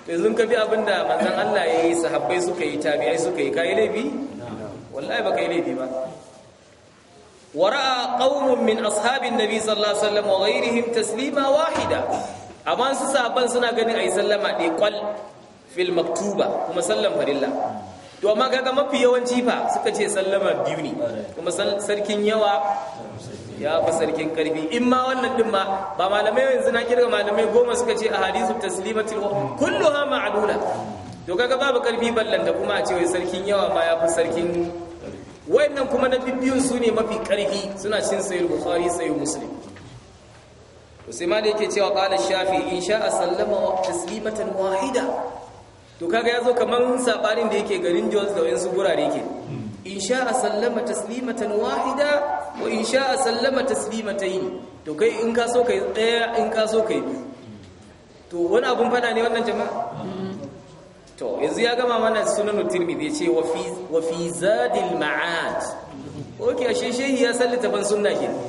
yanzu ka bi abinda manzon Allah yayi sahabbai suka yi tabi'ai suka yi kai laifi wallahi ba kai laifi ba wara'a qaumun min ashabin nabi sallallahu alaihi wasallam wa ghayrihim taslima wahida amma su sahabban suna ganin ai sallama dai kwal fil maktuba kuma sallan farilla to amma kaga mafi yawanci fa suka ce sallama biyu ne kuma sarkin yawa ya fa sarkin karfi in ma wannan din ma ba malamai yanzu na kirga malamai goma suka ce a hadisu taslimatul kulluha ma'dula to kaga babu karfi ballan da kuma a ce wai sarkin yawa ma ya fi sarkin wayannan kuma na bibiyun su ne mafi karfi suna cin sayyid bukhari sayyid muslim to sai ma da yake cewa qala shafi in sha'a sallama wa taslimatan wahida to kaga yazo kaman sabarin da yake garin Jos da wayansu gurare yake in sha'a sallama taslimatan wahida wa in sha'a sallama taslimatayn to kai in ka so kai daya in ka so kai biyu to wani abun fada ne wannan jama'a to yanzu ya gama mana sunan Tirmidhi yace wa fi wa fi zadil ma'ad okay ashe shehi ya sallata ban sunna kenan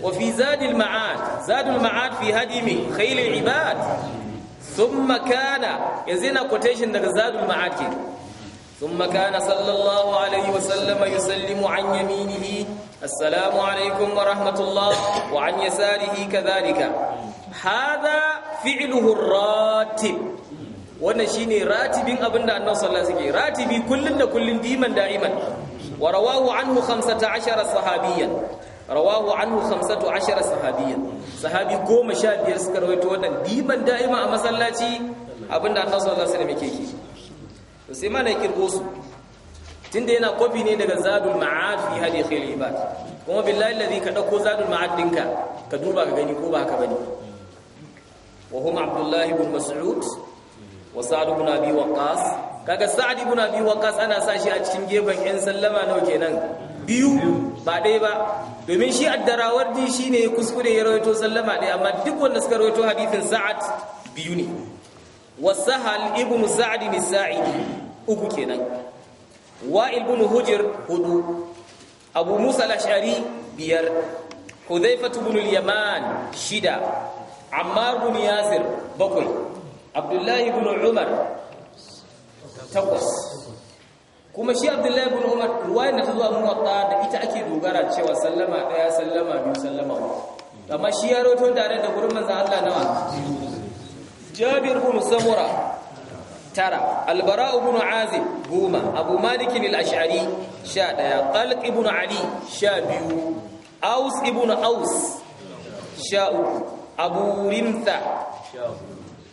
wa fi zadil ma'ad zadul ma'ad fi hadimi khayl ibad thumma kana yanzu yana quotation daga zadul ma'ad ke thumma kana sallallahu alaihi wa sallama yusallimu an yaminihi assalamu alaikum wa rahmatullah wa an yasarihi kadhalika hadha fi'luhu ratib wannan shine ratibin abinda annabi sallallahu alaihi wasallam ratibi kullun da kullun diman da'iman wa rawahu anhu 15 sahabiyan rawahu anhu khamsatu ashara sahabiyyan sahabi goma sha biyar suka rawaito wannan diban da'ima a masallaci abinda annabi sallallahu alaihi wasallam yake ki to sai kirgo su. tunda yana kofi ne daga zadul ma'ad fi hadi khairil ibad kuma billahi alladhi ka dauko zadul ma'ad dinka ka duba ka gani ko ba haka bane wa hum abdullah ibn mas'ud wa sa'd ibn abi waqas kaga sa'd ibn abi waqas ana sa a cikin gefen yan sallama nawa kenan biyu ba ɗaya ba domin shi addarawardi shi ne kuskure ya rawaito sallama ɗaya amma duk wanda suka rawaito hadithin sa'ad biyu ne wasahal ibn sa'ad ne sa'idi uku kenan wa'il ibn hujr hudu abu musa al-ash'ari biyar hudhayfa ibn al-yaman shida ammar ibn yasir bakwai abdullahi ibn umar takwas kuma shi abdullahi bin umar ruwayar da zuwa muwatta da ita ake dogara cewa sallama daya sallama biyu sallama amma shi ya roto tare da gurin manzon Allah nawa jabir ibn samura tara albara ibn azib goma abu malik al-ash'ari 11 qalq ibn ali 12 aus ibn aus 13 abu rimtha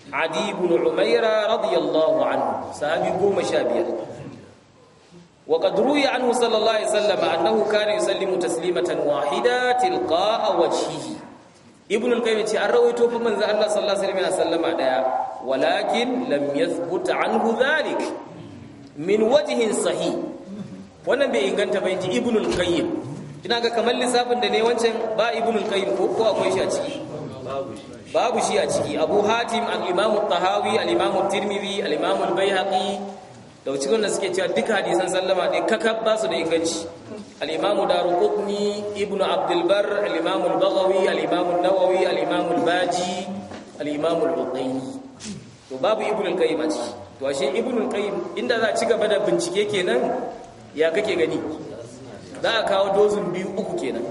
adi ibn umayra radiyallahu anhu sahabi goma 15 وقد روي عنه صلى الله عليه وسلم أنه كان يسلم تسليمة واحدة تلقاء وجهه ابن القيم يتي أرويته فمن ذا الله صلى الله عليه وسلم عليها ولكن لم يثبت عنه ذلك من وجه صحيح wannan bai inganta ba inji ibn al-qayyim ina ga kamar lissafin da ne wancan ba ibn al-qayyim ko ko akwai shi a ciki babu shi a ciki abu hatim al-imam at-tahawi al-imam at-tirmidhi al-imam al da cikin wanda suke cewa duka hadisan sallama ne kakab ba su da inganci al-imamu daruqutni ibnu abdulbar bar al-imamu al al-imamu nawawi al-imamu al-baji al-imamu al-uqayni to babu ibnu al-qayyim a ciki to ashe ibnu al-qayyim inda za a ci gaba da bincike kenan ya kake gani za a kawo dozin biyu uku kenan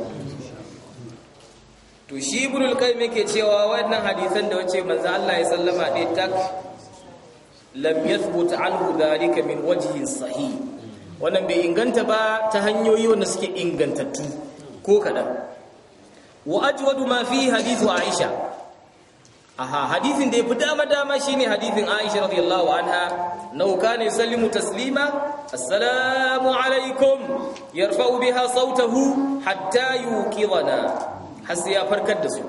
to shi ibnu al-qayyim yake cewa wannan hadisan da wace manzo Allah ya sallama ne tak lam yathbut anhu dhalika min wajhin sahih wannan bai inganta ba ta hanyoyi wanda suke ingantattu ko kadan wa ajwadu ma fi hadithu aisha aha hadithin da yafi dama dama shine hadithin aisha radiyallahu anha nau kana sallimu taslima assalamu alaikum yarfa'u biha sautahu hatta yuqidana Hasi ya farkar da su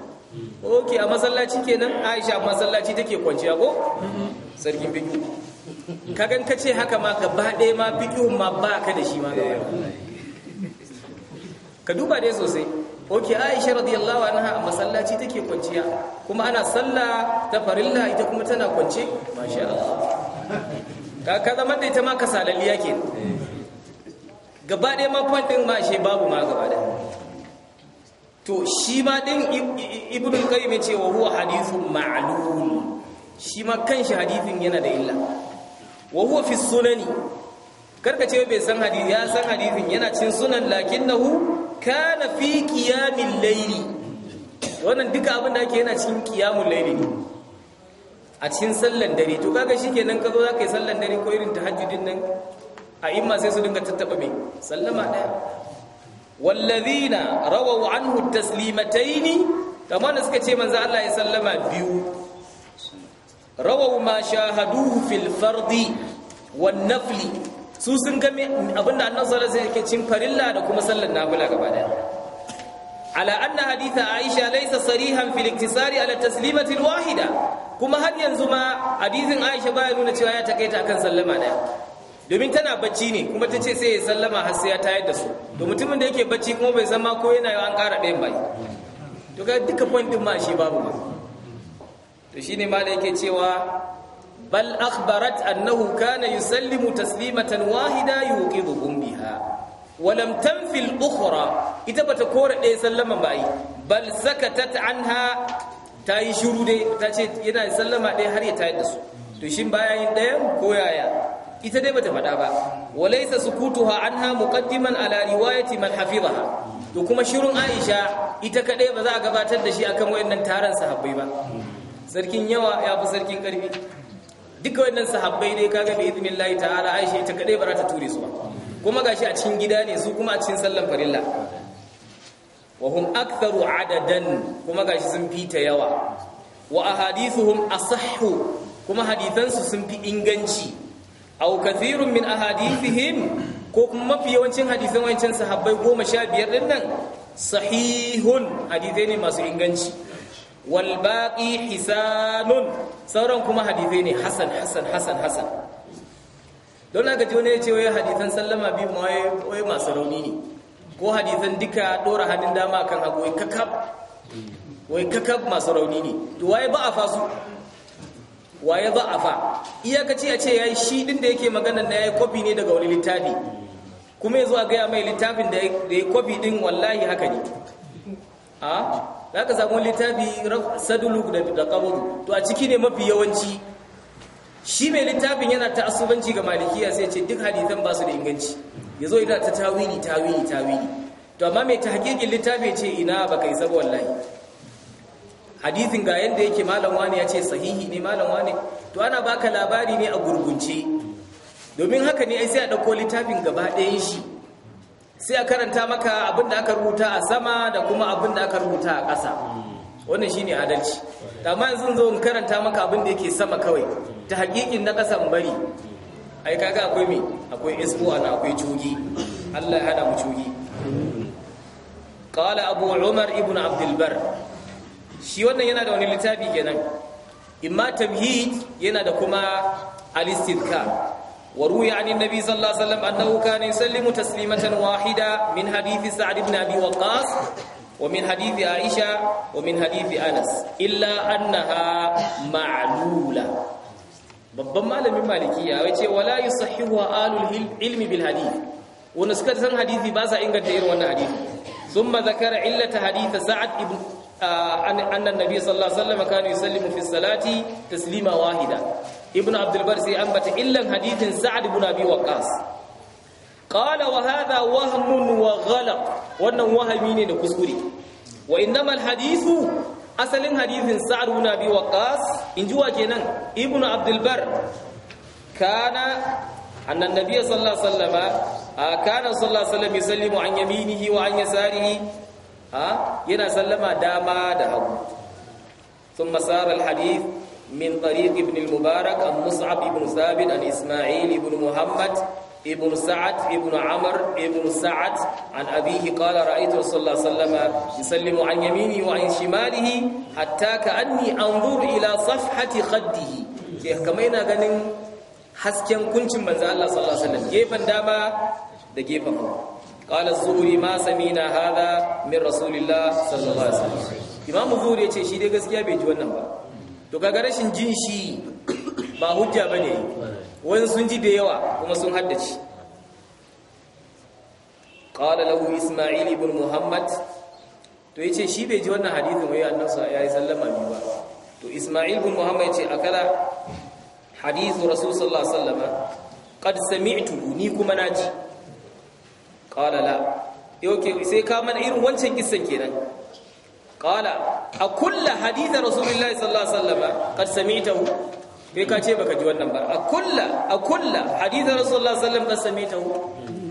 okay a masallaci kenan aisha masallaci take kwanciya ko sarkin fiƙi kagan ka ce haka ma gaba ɗaya ma fiƙi ma ba ka da shi ma ka duba dai sosai ok aisha radiyallahu anha a masallaci take kwanciya kuma ana sallah ta farilla ita kuma tana kwance masha Allah ka zama da ita ma ka salalliya ke gaba ɗaya ma point ma shi babu ma gaba ɗaya to shi ma ɗin ibn qayyim ya ce wa huwa hadithun ma'lum shi ma kanshi hadithin yana da illa wa huwa fi sunani karka ce bai san hadisi ya san hadithin yana cin sunan lakinnahu kana fi qiyamil layli wannan duka abin da ake yana cikin qiyamul layli ne a cikin sallan dare to kaga shikenan ka zo za kai yi sallan dare ko irin tahajjudin nan a imma sai su dinga tattaba me sallama daya wallazina rawu anhu taslimataini kamar da suka ce manzo Allah ya sallama biyu rawaw ma shahaduhu fil fardi wan nafli su sun ga abinda annabi sallallahu alaihi yake cin farilla da kuma sallar nafila gaba daya ala anna haditha aisha laysa sarihan fil iktisari ala taslimati wahida kuma har yanzu ma hadithin aisha baya nuna cewa ya takaita akan sallama daya domin tana bacci ne kuma ta ce sai ya sallama har sai ya tayar da su to mutumin da yake bacci kuma bai san ma ko yana yau an ƙara ɗayan bai to ga duka point din ma shi babu ba to shine ma da yake cewa bal akhbarat annahu kana yusallimu taslimatan wahida yuqiduhum biha wa lam tanfi al-ukhra ita bata kore ɗaya sallama ba yi bal sakatat anha ta yi shiru dai ta ce yana sallama ɗaya har ya tayar da su to shin baya yin ɗayan ko yaya ita dai bata faɗa ba walaysa sukutuha anha muqaddiman ala riwayati man hafizaha to kuma shirun Aisha ita kadai ba za a gabatar da shi akan wayannan taron sahabbai ba sarkin yawa ya fi sarkin karfi duka wannan sahabbai dai kaga bi izinin layi ta'ala aisha ta kadai bara ta ture su ba kuma gashi a cikin gida ne su kuma a cikin sallan farilla wa hum aktharu adadan kuma gashi sun fi ta yawa wa ahadithuhum asahhu kuma hadithansu sun fi inganci aw kathirun min ahadithihim ko kuma mafi yawancin hadisan wancan sahabbai goma sha biyar din nan sahihun hadithai ne masu inganci wal baqi hisanun sauran kuma hadisi ne hasan hasan hasan hasan don haka ji wani ya ce wai hadisan sallama bi ma wai masu rauni ne ko hadisan duka dora hannun dama kan hagu wai kakab wai kakab masu rauni ne to waye ba a fasu waye ba a fa iyakaci a ce yayi shi din da yake magana na yayi kofi ne daga wani littafi kuma yazo a ga mai littafin da yayi kofi din wallahi haka ne a ah? za ka samu littafi saduluk da kabaru to a ciki ne mafi yawanci shi mai littafin yana ta asubanci ga malikiya sai ce duk hadithan ba su da inganci ya zo ta tawili tawili tawili to amma mai ta hakikin littafi ce ina ba kai saba wallahi hadithin ga yanda yake malam wani ya ce sahihi ne malam wani to ana baka labari ne a gurgunce domin haka ne ai sai a ɗauko littafin gaba ɗayan shi sai a karanta maka abin da aka rubuta a sama da kuma abin da aka rubuta a ƙasa wannan shine adalci amma yanzu zo in karanta maka abin da yake sama kawai ta hakikin na ƙasan bari ai kaga akwai me akwai isbu ana akwai cugi Allah ya hada mu cugi qala abu umar ibn abd albar shi wannan yana da wani littafi kenan imma tamhid yana da kuma al وروي عن النبي صلى الله عليه وسلم أنه كان يسلم تسليمة واحدة من حديث سعد بن أبي وقاص ومن حديث عائشة ومن حديث أنس إلا أنها معلولة babban malamin malikiya ya wace wala yusahihu alul ilmi bil hadith wanda suka san hadisi ba sa inganta irin wannan hadithi thumma zakara illata hadith sa'ad ibn anna an-nabi sallallahu alaihi wasallam kana yusallimu fi salati taslima wahida ibnu abdul bar sai ambata illan hadithin sa'ad ibn abi waqas qala wa hadha wahmun wa ghalaq wannan wahami ne da kuskure wa innamal hadithu asalin hadithin sa'ad ibn abi waqas injuwa kenan ibnu abdul bar kana anna nabiyya sallallahu alaihi wasallam kana sallallahu alaihi wasallam yusallimu an yaminihi wa an yasarihi yana sallama dama da hagu ثم سار hadith. min طريق ابن المبارك عن مصعب بن ثابت عن إسماعيل بن محمد ابن سعد ابن عمر ابن سعد عن أبيه قال رأيت رسول الله صلى الله عليه وسلم يسلم عن يمينه وعن شماله حتى كأني أنظر إلى hasken kuncin manzo Allah sallallahu alaihi wasallam gefen dama da gefen hagu qala zuhri ma samina hadha min rasulillah sallallahu alaihi wasallam imam zuhri yace shi dai gaskiya bai ji wannan ba to kaga rashin jin shi ba hujja ba ne. wani sun ji da yawa kuma sun haddace qala lahu isma'il ibn muhammad to yace shi bai ji wannan hadisin wai annabi ya yi sallama biyu ba to isma'il ibn muhammad yace kada hadithu rasul sallallahu alaihi Kad sami sami'tuhu ni kuma naji qala la yau ke sai ka mana irin wancan kisan kenan qala a kulla haditha rasulullahi sallallahu alaihi wasallam kad samitahu kai ka ce baka ji wannan ba a kulla a kulla haditha rasulullahi sallallahu alaihi wasallam kad samitahu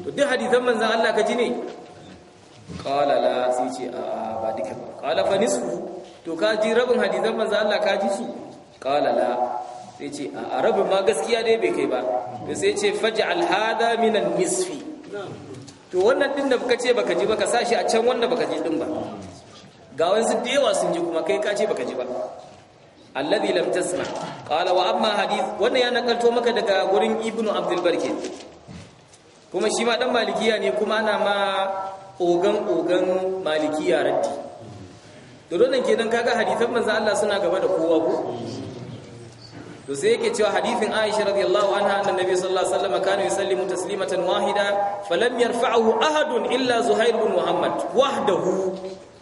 to duk hadithan manzon Allah ka ji ne qala la sai ce a ba duka qala fa nisfu to ka ji rabin hadithan manzon Allah ka ji su qala la sai ce a rabin ma gaskiya dai bai kai ba to sai ce faj'al hadha min an-nisfi to wannan din da baka ce baka ji baka sashi a can wanda baka ji din ba ga wasu da yawa sun ji kuma kai ka ce baka ji ba alladhi lam tasma qala wa amma hadith wannan ya nakalto maka daga gurin ibnu abdul barke kuma shi ma dan malikiya ne kuma ana ma ogan ogan malikiya raddi to don kenan kaga hadisan manzo Allah suna gaba da kowa ko to sai yake cewa hadithin Aisha radiyallahu anha annabi sallallahu alaihi wasallam kana yusallimu taslimatan wahida falam yarfa'ahu ahadun illa Zuhair bin Muhammad wahdahu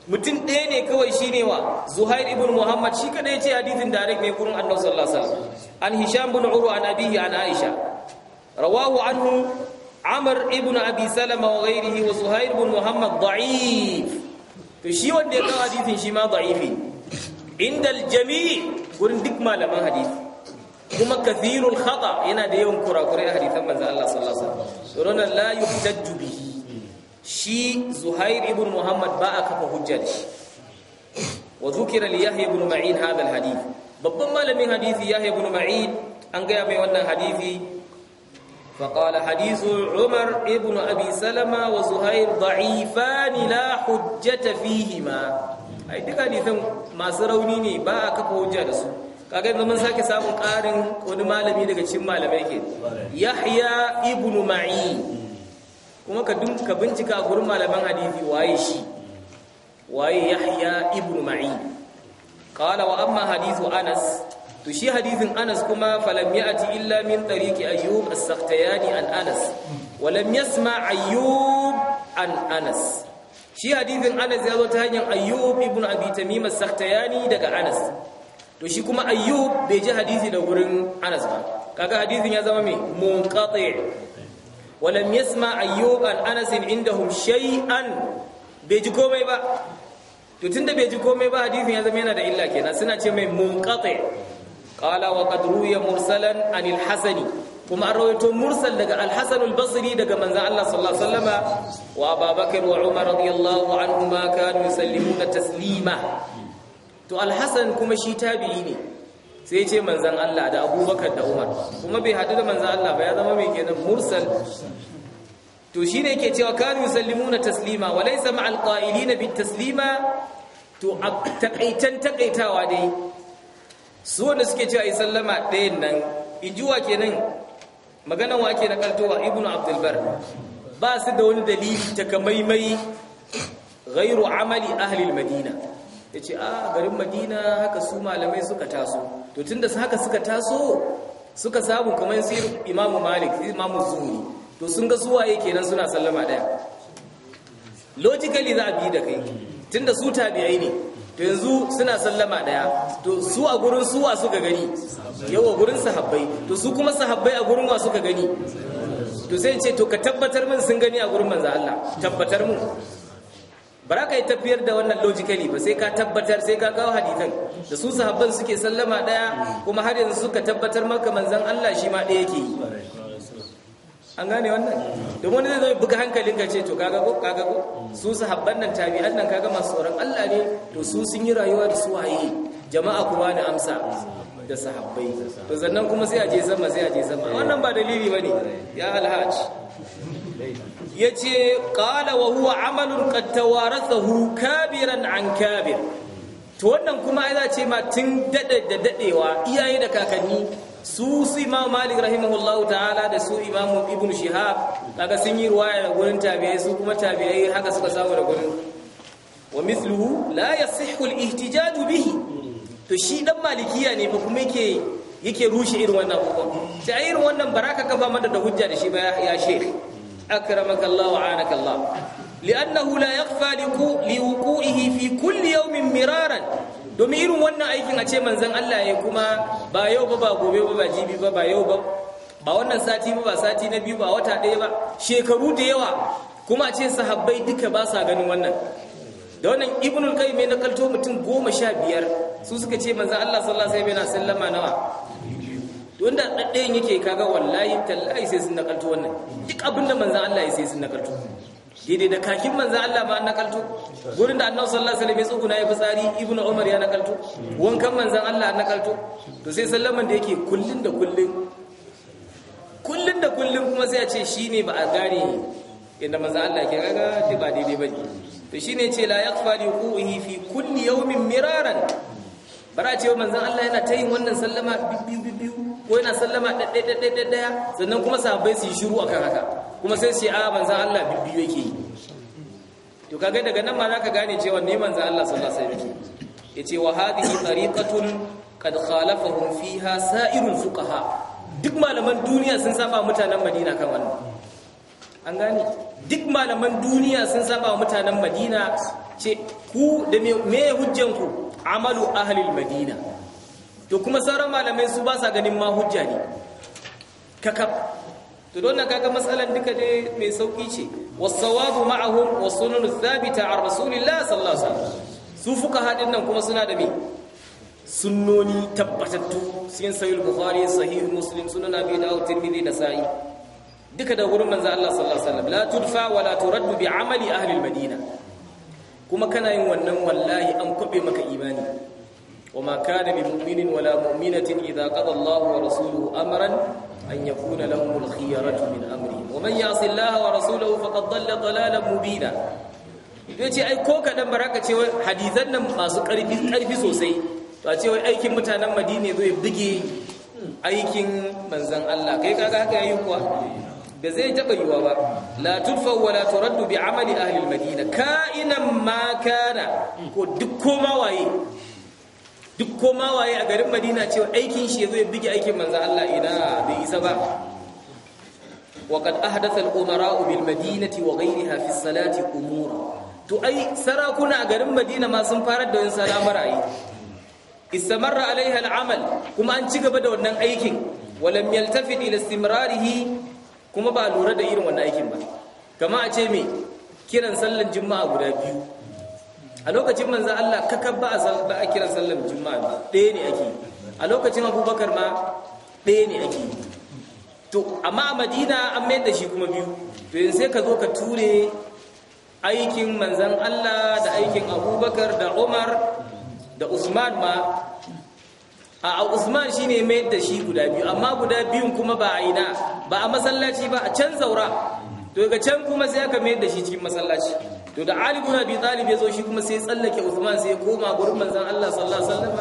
mutum ɗaya ne kawai shi ne wa zuhair ibn muhammad shi kadai ce hadithin direct ne gurin annabi sallallahu an hisham bin uru an abihi an aisha rawahu anhu amr ibn abi salama wa ghairihi wa zuhair ibn muhammad da'if to shi wanda ya kawo hadithin shi ma da'ifi inda aljami gurin duk malaman hadith kuma kathirul khata yana da yawan kurakurai a hadisan manzo Allah sallallahu alaihi wasallam to la yuhtajju bihi shi zuhair ibn muhammad ba a kafa hujja da shi wa zukira li yahya ibn ma'in hadha babban malamin hadisi yahya ibn ma'in an gaya mai wannan hadisi fa qala hadithu umar ibn abi salama wa zuhair da'ifan la hujjata fihima ai duka hadisan masu rauni ne ba a kafa hujja da su kaga yanzu mun sake samun karin wani malami daga cikin malamai ke yahya ibn ma'in kuma ka bincika a gurin malaman hadisi waye shi waye yahya ibn ma'in qala wa amma hadithu anas to shi hadithin anas kuma falam ya'ti illa min tariqi ayyub as-sakhtiyani an anas wa lam yasma ayyub an anas shi hadithin anas ya zo ta hanyar ayyub ibn abi tamim as-sakhtiyani daga anas to shi kuma ayyub bai ji hadisi da gurin anas ba kaga hadithin ya zama me munqati walam yasma ayyub an anas indahum shay'an bai ji komai ba to tunda bai ji komai ba hadisin ya zama yana da illa kenan suna ce mai munqati qala wa qad ruya mursalan anil hasani kuma an rawaito mursal daga al-hasan al-basri daga manzon Allah sallallahu alaihi wasallama wa ababakar wa umar radiyallahu anhuma kanu yusallimuna taslima to al-hasan kuma shi tabi'i ne sai ce manzan Allah da abubakar da umar kuma bai haɗu da manzan Allah ba ya zama mai kenan mursal to shi ne ke cewa kanu na taslima wa laysa ma'al na bin taslima to a takaitan takaitawa dai su wanda suke cewa yi sallama ɗayan nan ijuwa kenan maganan ke na kaltowa ibnu abdulbar ba su da wani dalili takamaimai gairu amali ahli madina ya ce a ah, garin madina haka su malamai suka taso to tun da haka suka taso suka samu kamar su imamu malik imamu zuri to sun ga suwaye kenan suna sallama daya logically za a bi da kai tun da su tabi'ai ne to yanzu suna sallama daya to su a gurin suwa suka gani yau a gurin sahabbai to su kuma sahabbai a gurin wa suka gani to sai ce to ka tabbatar min sun gani a gurin manzo Allah tabbatar mu ba ka yi tafiyar da wannan logically ba sai ka tabbatar sai ka kawo hadithan da su sahabban suke sallama daya kuma har yanzu suka tabbatar maka manzan Allah shi ma daya yake yi an gane wannan don wani zai zai buga hankalin ka ce to kaga ko kaga ko su sahabban nan tabi'an nan kaga masu tsoron Allah ne to su sun yi rayuwa da su waye jama'a kuma da amsa da sahabbai to sannan kuma sai a je sama sai a je sama wannan ba dalili bane ya alhaj yace qala wa huwa amalun qad tawarathahu kabiran an kabir to wannan kuma ai za ce ma tun dade da dadewa iyaye da kakanni su su imam malik rahimahullahu ta'ala da su imam ibn shihab kaga sun yi ruwaya da gurin tabi'ai su kuma tabi'ai haka suka samu da gurin wa mithluhu la yasihhu al-ihtijaj bihi to shi dan malikiya ne ba kuma yake yake rushe irin wannan hukum. sai ai irin wannan baraka ka ba mata da hujja da shi ba ya sheikh akramaka Allah wa anaka Allah li'annahu la yakhfa liku wuqu'ihi fi kulli yawmin miraran domin irin wannan aikin a ce manzon Allah ya kuma ba yau ba ba gobe ba ba jibi ba ba yau ba ba wannan sati ba ba sati na biyu ba wata ɗaya ba shekaru da yawa kuma a ce sahabbai duka ba sa ganin wannan da wannan ibnul kai mai nakalto mutum goma sha biyar su suka ce manzo Allah sallallahu alaihi wasallam sallama nawa don da daddayin yake kaga wallahi tallahi sai sun nakalto wannan duk abinda manzo Allah ya sai sun nakalto daidai da kakin manzo Allah ma nakalto gurin da Annabi sallallahu alaihi wasallam ya tsuguna ya fitsari ibnu Umar ya nakalto wankan manzo Allah nakalto to sai sallaman da yake kullun da kullun kullun da kullun kuma sai ya ce shine ba a gane inda manzo Allah ke kaga ba daidai bane to shine ce la yaqfa quhi fi kulli yawmin miraran bara ce manzon Allah yana ta yin wannan sallama bibbiu ko yana sallama ɗaya sannan kuma sahabbai su yi shiru akan haka kuma sai su yi a manzon Allah bibbiu yake yi to kage daga nan ma zaka gane cewa ne manzon Allah sallallahu alaihi wasallam yace wa hadhihi tariqatun khalafahum fiha fuqaha duk malaman duniya sun saba mutanen Madina kan an gane duk malaman duniya sun saba wa mutanen madina ce ku da me hujjan ku amalu ahlil madina to kuma sauran malamai su ba sa ganin ma hujja ne kakab to don na kaga matsalan duka dai mai sauki ce wasawabu ma'ahum wa sunan thabita ar rasulillah sallallahu alaihi wasallam su fuka hadin nan kuma suna da me sunnoni tabbatattu sun sahih bukhari sahih muslim sunan abi dawud tirmidhi da sa'i duka da gurin manzo Allah sallallahu alaihi wasallam la tudfa wala la bi amali ahli almadina kuma kana yin wannan wallahi an kube maka imani wama kana lil mu'minin wala mu'minatin idza qada Allahu wa rasuluhu amran an yakuna lahum al min amri wa man ya'si Allah wa rasuluhu faqad dalla dalalan mubina yace ai ko kadan baraka ce hadizan nan masu karfi karfi sosai to a ce wai aikin mutanen Madina zo ya buge aikin manzon Allah kai kaga haka yayin kuwa ba zai taba yiwa ba la tudfa wa la turaddu bi amali ahli madina ka'inan ma kana ko duk koma waye duk koma waye a garin madina cewa aikin shi yazo ya bige aikin manzo Allah ina bai isa ba وقد أحدث الأمراء بالمدينة وغيرها في salati أمورا to ai sarakuna a garin Madina ma sun farar da wannan salamar ayi istamarra alaiha Amal. kuma an ci gaba da wannan aikin walam yaltafit ila istimrarihi kuma ba lura da irin wannan aikin ba kama a ce me kiran sallan juma'a guda biyu a lokacin manzan Allah kakar ba a kiran sallan juma'a ba ɗaya ne ake a lokacin abubakar ma ɗaya ne ake to amma a madina an mayar da shi kuma biyu to yanzu sai ka zo ka ture aikin manzan Allah da aikin abubakar da umar da usman ma a usman shi ne mayar da shi guda biyu amma guda biyun kuma ba a na. ba a masallaci ba a can zaura to ga can kuma sai aka mayar da shi cikin masallaci to da ali ibn abi talib ya zo shi kuma sai tsallake usman sai koma gurin manzan Allah sallallahu alaihi wasallam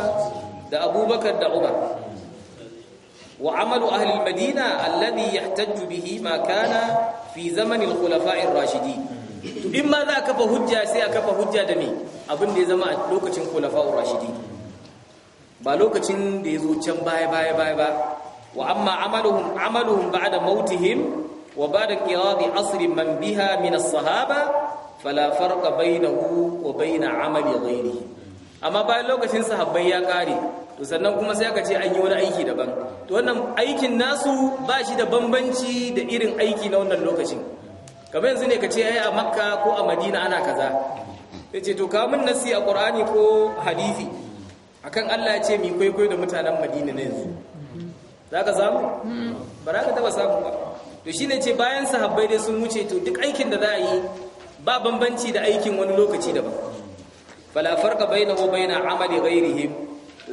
da abubakar da umar wa amalu ahli almadina alladhi yahtaju bihi ma kana fi zaman alkhulafa'i ar-rashidin in ma za a kafa hujja sai a kafa hujja da ne abin da ya zama a lokacin kulafa'ur rashidi ba lokacin da ya zo can baya baya baya ba wa amma amaluhum amaluhum ba'da mautihim wa ba'da qiradi asri man biha min as-sahaba fala farqa bainahu wa bain amali ghayrihi amma bayan lokacin sahabbai ya kare to sannan kuma sai aka ce an yi wani aiki daban to wannan aikin nasu ba shi da bambanci da irin aiki na wannan lokacin kamar yanzu ne ka ce ai a makka ko a madina ana kaza sai ce to kawo min nasi a qur'ani ko hadisi akan Allah ya ce mi kwaikwayo da mutanen Madina na yanzu za ka samu ba za ka taba samu ba to shine ce bayan sahabbai dai sun wuce to duk aikin da za a yi ba bambanci da aikin wani lokaci daban fala farqa bainahu baina amali ghairihim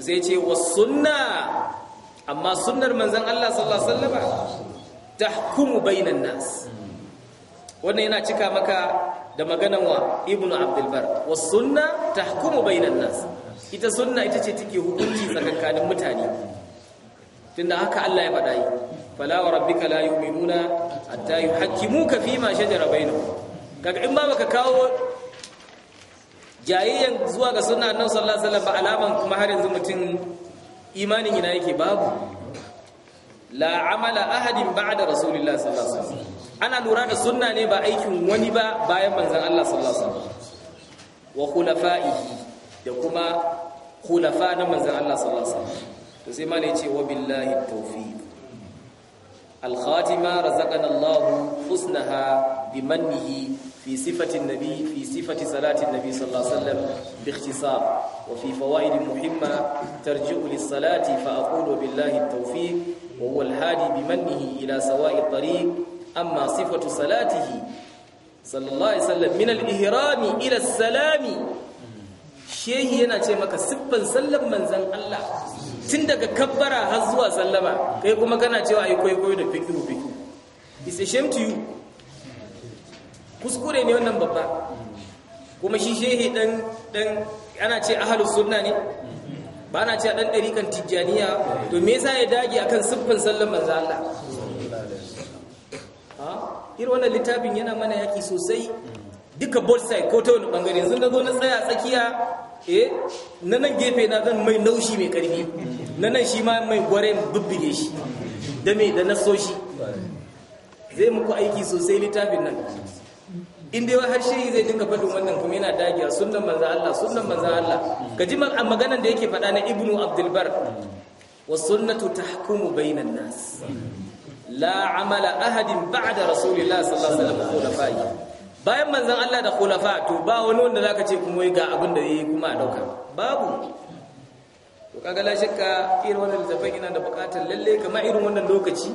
sai ce was sunna amma sunnar manzon Allah sallallahu alaihi wasallama tahkumu bainan nas wannan yana cika maka da maganan wa ibnu abdul bar was sunna tahkumu bainan nas ita sunna ita ce take hukunci tsakankanin mutane tunda haka Allah ya faɗa yi fala wa rabbika la yu'minuna hatta yuhakkimuka fi ma shajara bainahum kaga in ba baka kawo jayayyan zuwa ga sunna annabi sallallahu alaihi wasallam ba alaman kuma har yanzu mutum imanin ina yake babu la amala ahadin ba'da rasulillah sallallahu alaihi wasallam ana lura da sunna ne ba aikin wani ba bayan manzon Allah sallallahu alaihi wasallam wa khulafa'ihi da kuma khulafa na manzon Allah sallallahu alaihi wasallam to sai malai ce wa billahi tawfiq al-khatima razaqana Allah husnaha bi fi sifati an-nabi fi sifati salati an-nabi sallallahu alaihi wasallam bi ikhtisar wa fi fawaid muhimma tarji'u lis-salati fa aqulu billahi tawfiq wa huwa al-hadi bi mannihi ila sawa'i at-tariq amma sifatu salatihi sallallahu alaihi wasallam min al-ihrami ila as-salami shehi yana ce maka siffan sallan manzan Allah tun daga kabbara har zuwa sallama kai kuma kana cewa ai kwaikwayo da fikiru fikihu is a shame to you kuskure ne wannan babba kuma shi shehi dan dan ana ce ahlu sunna ne ba na ce a dan dariƙan tijjaniya to me yasa ya dage akan siffan sallan manzan Allah ha irin wannan littafin yana mana yaki sosai duka both side ko ta wani bangare sun na zo na tsaya tsakiya eh na nan gefe na zan mai naushi mai karfi na nan shi ma mai gware bubbuge shi da mai da na so shi zai muku aiki sosai littafin nan in dai har shehi zai dinga faɗin wannan kuma yana dagiya sunnan manzo Allah sunnan manzo Allah ka ji maganar da yake faɗa na Ibnu Abdul Bar wa sunnatu tahkumu bainan nas la amala ahadin ba'da rasulillahi sallallahu alaihi wasallam khulafai bayan manzan Allah da khulafa to ba wani wanda zaka ce kuma ga abin da ya yi kuma a dauka babu to kaga la shakka irin wannan zafin ina da bukatar lalle kamar irin wannan lokaci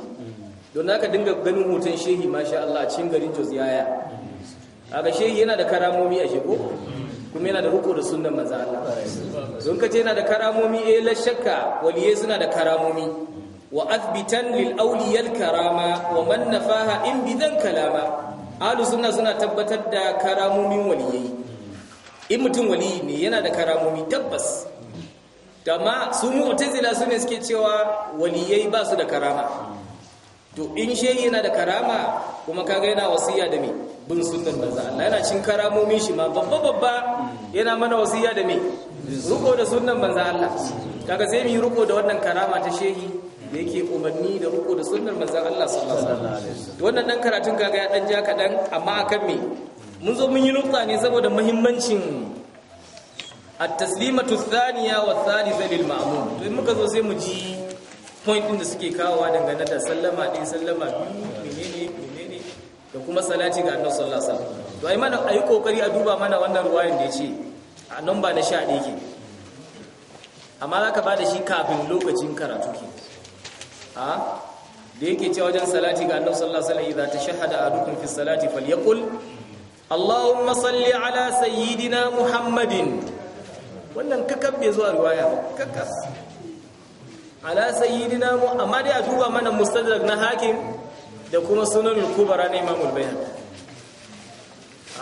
don naka dinga ganin hoton shehi masha Allah a cikin garin Jos yaya kaga shehi yana da karamomi a sheko kuma yana da ruko da sunnan manzon Allah don kace yana da karamomi eh la shakka waliye suna da karamomi wa athbitan lil awliyal karama wa man nafaha in bidan kalama ahlus sunna suna tabbatar da karamomin waliyai in mutum waliyi ne yana da karamomi tabbas Dama su mu'tazila su ne suke cewa waliyai ba su da karama to in shehi yana da karama kuma kaga yana wasiya da me bin sunnan manzo Allah yana cin karamomin shi ma babba babba yana mana wasiya da me ruko da sunnan manzo Allah kaga sai mu yi ruko da wannan karama ta shehi da yake umarni da ruko da sunnar manzon Allah sallallahu alaihi wasallam wannan dan karatun kaga ya dan ja kadan amma akan me mun zo mun yi nutsa ne saboda muhimmancin at-taslimatu thaniya wa thalitha lil ma'mum to in muka zo sai mu ji point din da suke kawowa dangane da sallama din sallama biyu menene menene da kuma salati ga Annabi sallallahu alaihi wasallam to ai mana ayi kokari a duba mana wannan ruwayan da yace a number na 11 ke amma zaka bada shi kafin lokacin karatu ke a da yake cewa wajen salati ga annabi sallallahu alaihi wasallam idza tashahhada ahadukum fi salati falyaqul Allahumma salli ala sayyidina Muhammadin wannan kakab bai zuwa riwaya ba kakas ala sayyidina mu amma a duba mana mustadrak na hakim da kuma sunan al-kubra na Imam al-Bayhaqi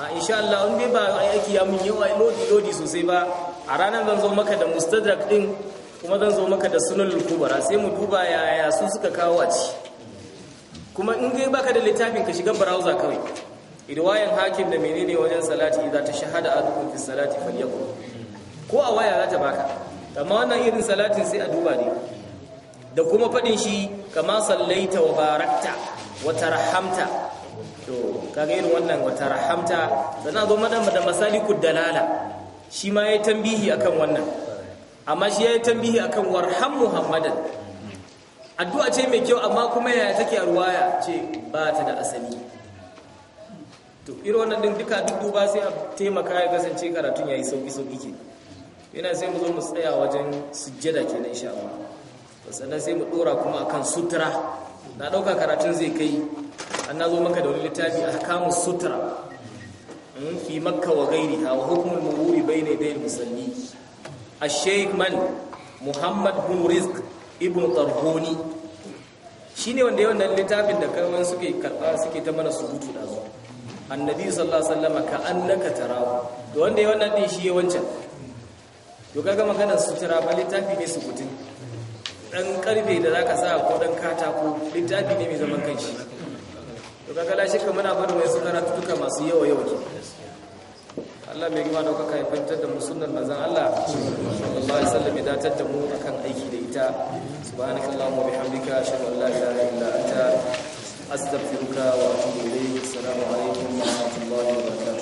a insha Allah in bai ba aiki ya mun yawa lodi lodi sosai ba a ranar zan zo maka da mustadrak din kuma zan zo maka da sunan lukubara sai mu duba yaya su suka kawo a ci kuma in gai baka da littafin ka shiga barauza kawai riwayan hakim da menene wajen salati za ta shahada a duk fi salati falyakun ko a waya za ta baka amma wannan irin salatin sai a duba ne da kuma fadin shi kama sallaita wa barakta wa tarhamta to kaga irin wannan wa tarhamta sannan zo mana da masalikud dalala shi ma ya tambihi akan wannan amma shi ya yi tambihi akan warhan muhammadan addu'a ce mai kyau amma kuma yaya take a ruwaya ce ba ta da asali to irin wannan din duka duk ba sai a taimaka ya kasance karatun ya yi sauki sauki ke yana sai mu zo mu tsaya wajen sujjada kenan insha ba sannan sai mu dora kuma akan sutura na dauka karatun zai kai an nazo maka da wani littafi a kamun sutura hmm, fi makka wa gairi a wa hukumul bai ne yadayil musulmi al-sheikh man muhammad bin rizq ibn tarhoni shi ne wanda yawan littafin da kawai suke karɓa suke ta mana surutu da su annabi sallallahu alaihi wasallam ka annaka tarahu to wanda yawan nan din shi yawancin wancan to kaga maganar tara ba littafi ne sukutin dan karbe da zaka sa ko dan katako littafi ne mai zaman kanshi to kaga shi kamar abin da mai su karatu duka masu yawa yawa Allah mai gima daukaka ya fahimtar da mu sunnar manzon Allah ya datar da mu akan aiki da ita subhanakallahumma wa bihamdika ashhadu an la ilaha illa anta astaghfiruka wa atubu ilayk assalamu alaikum wa rahmatullahi wa barakatuh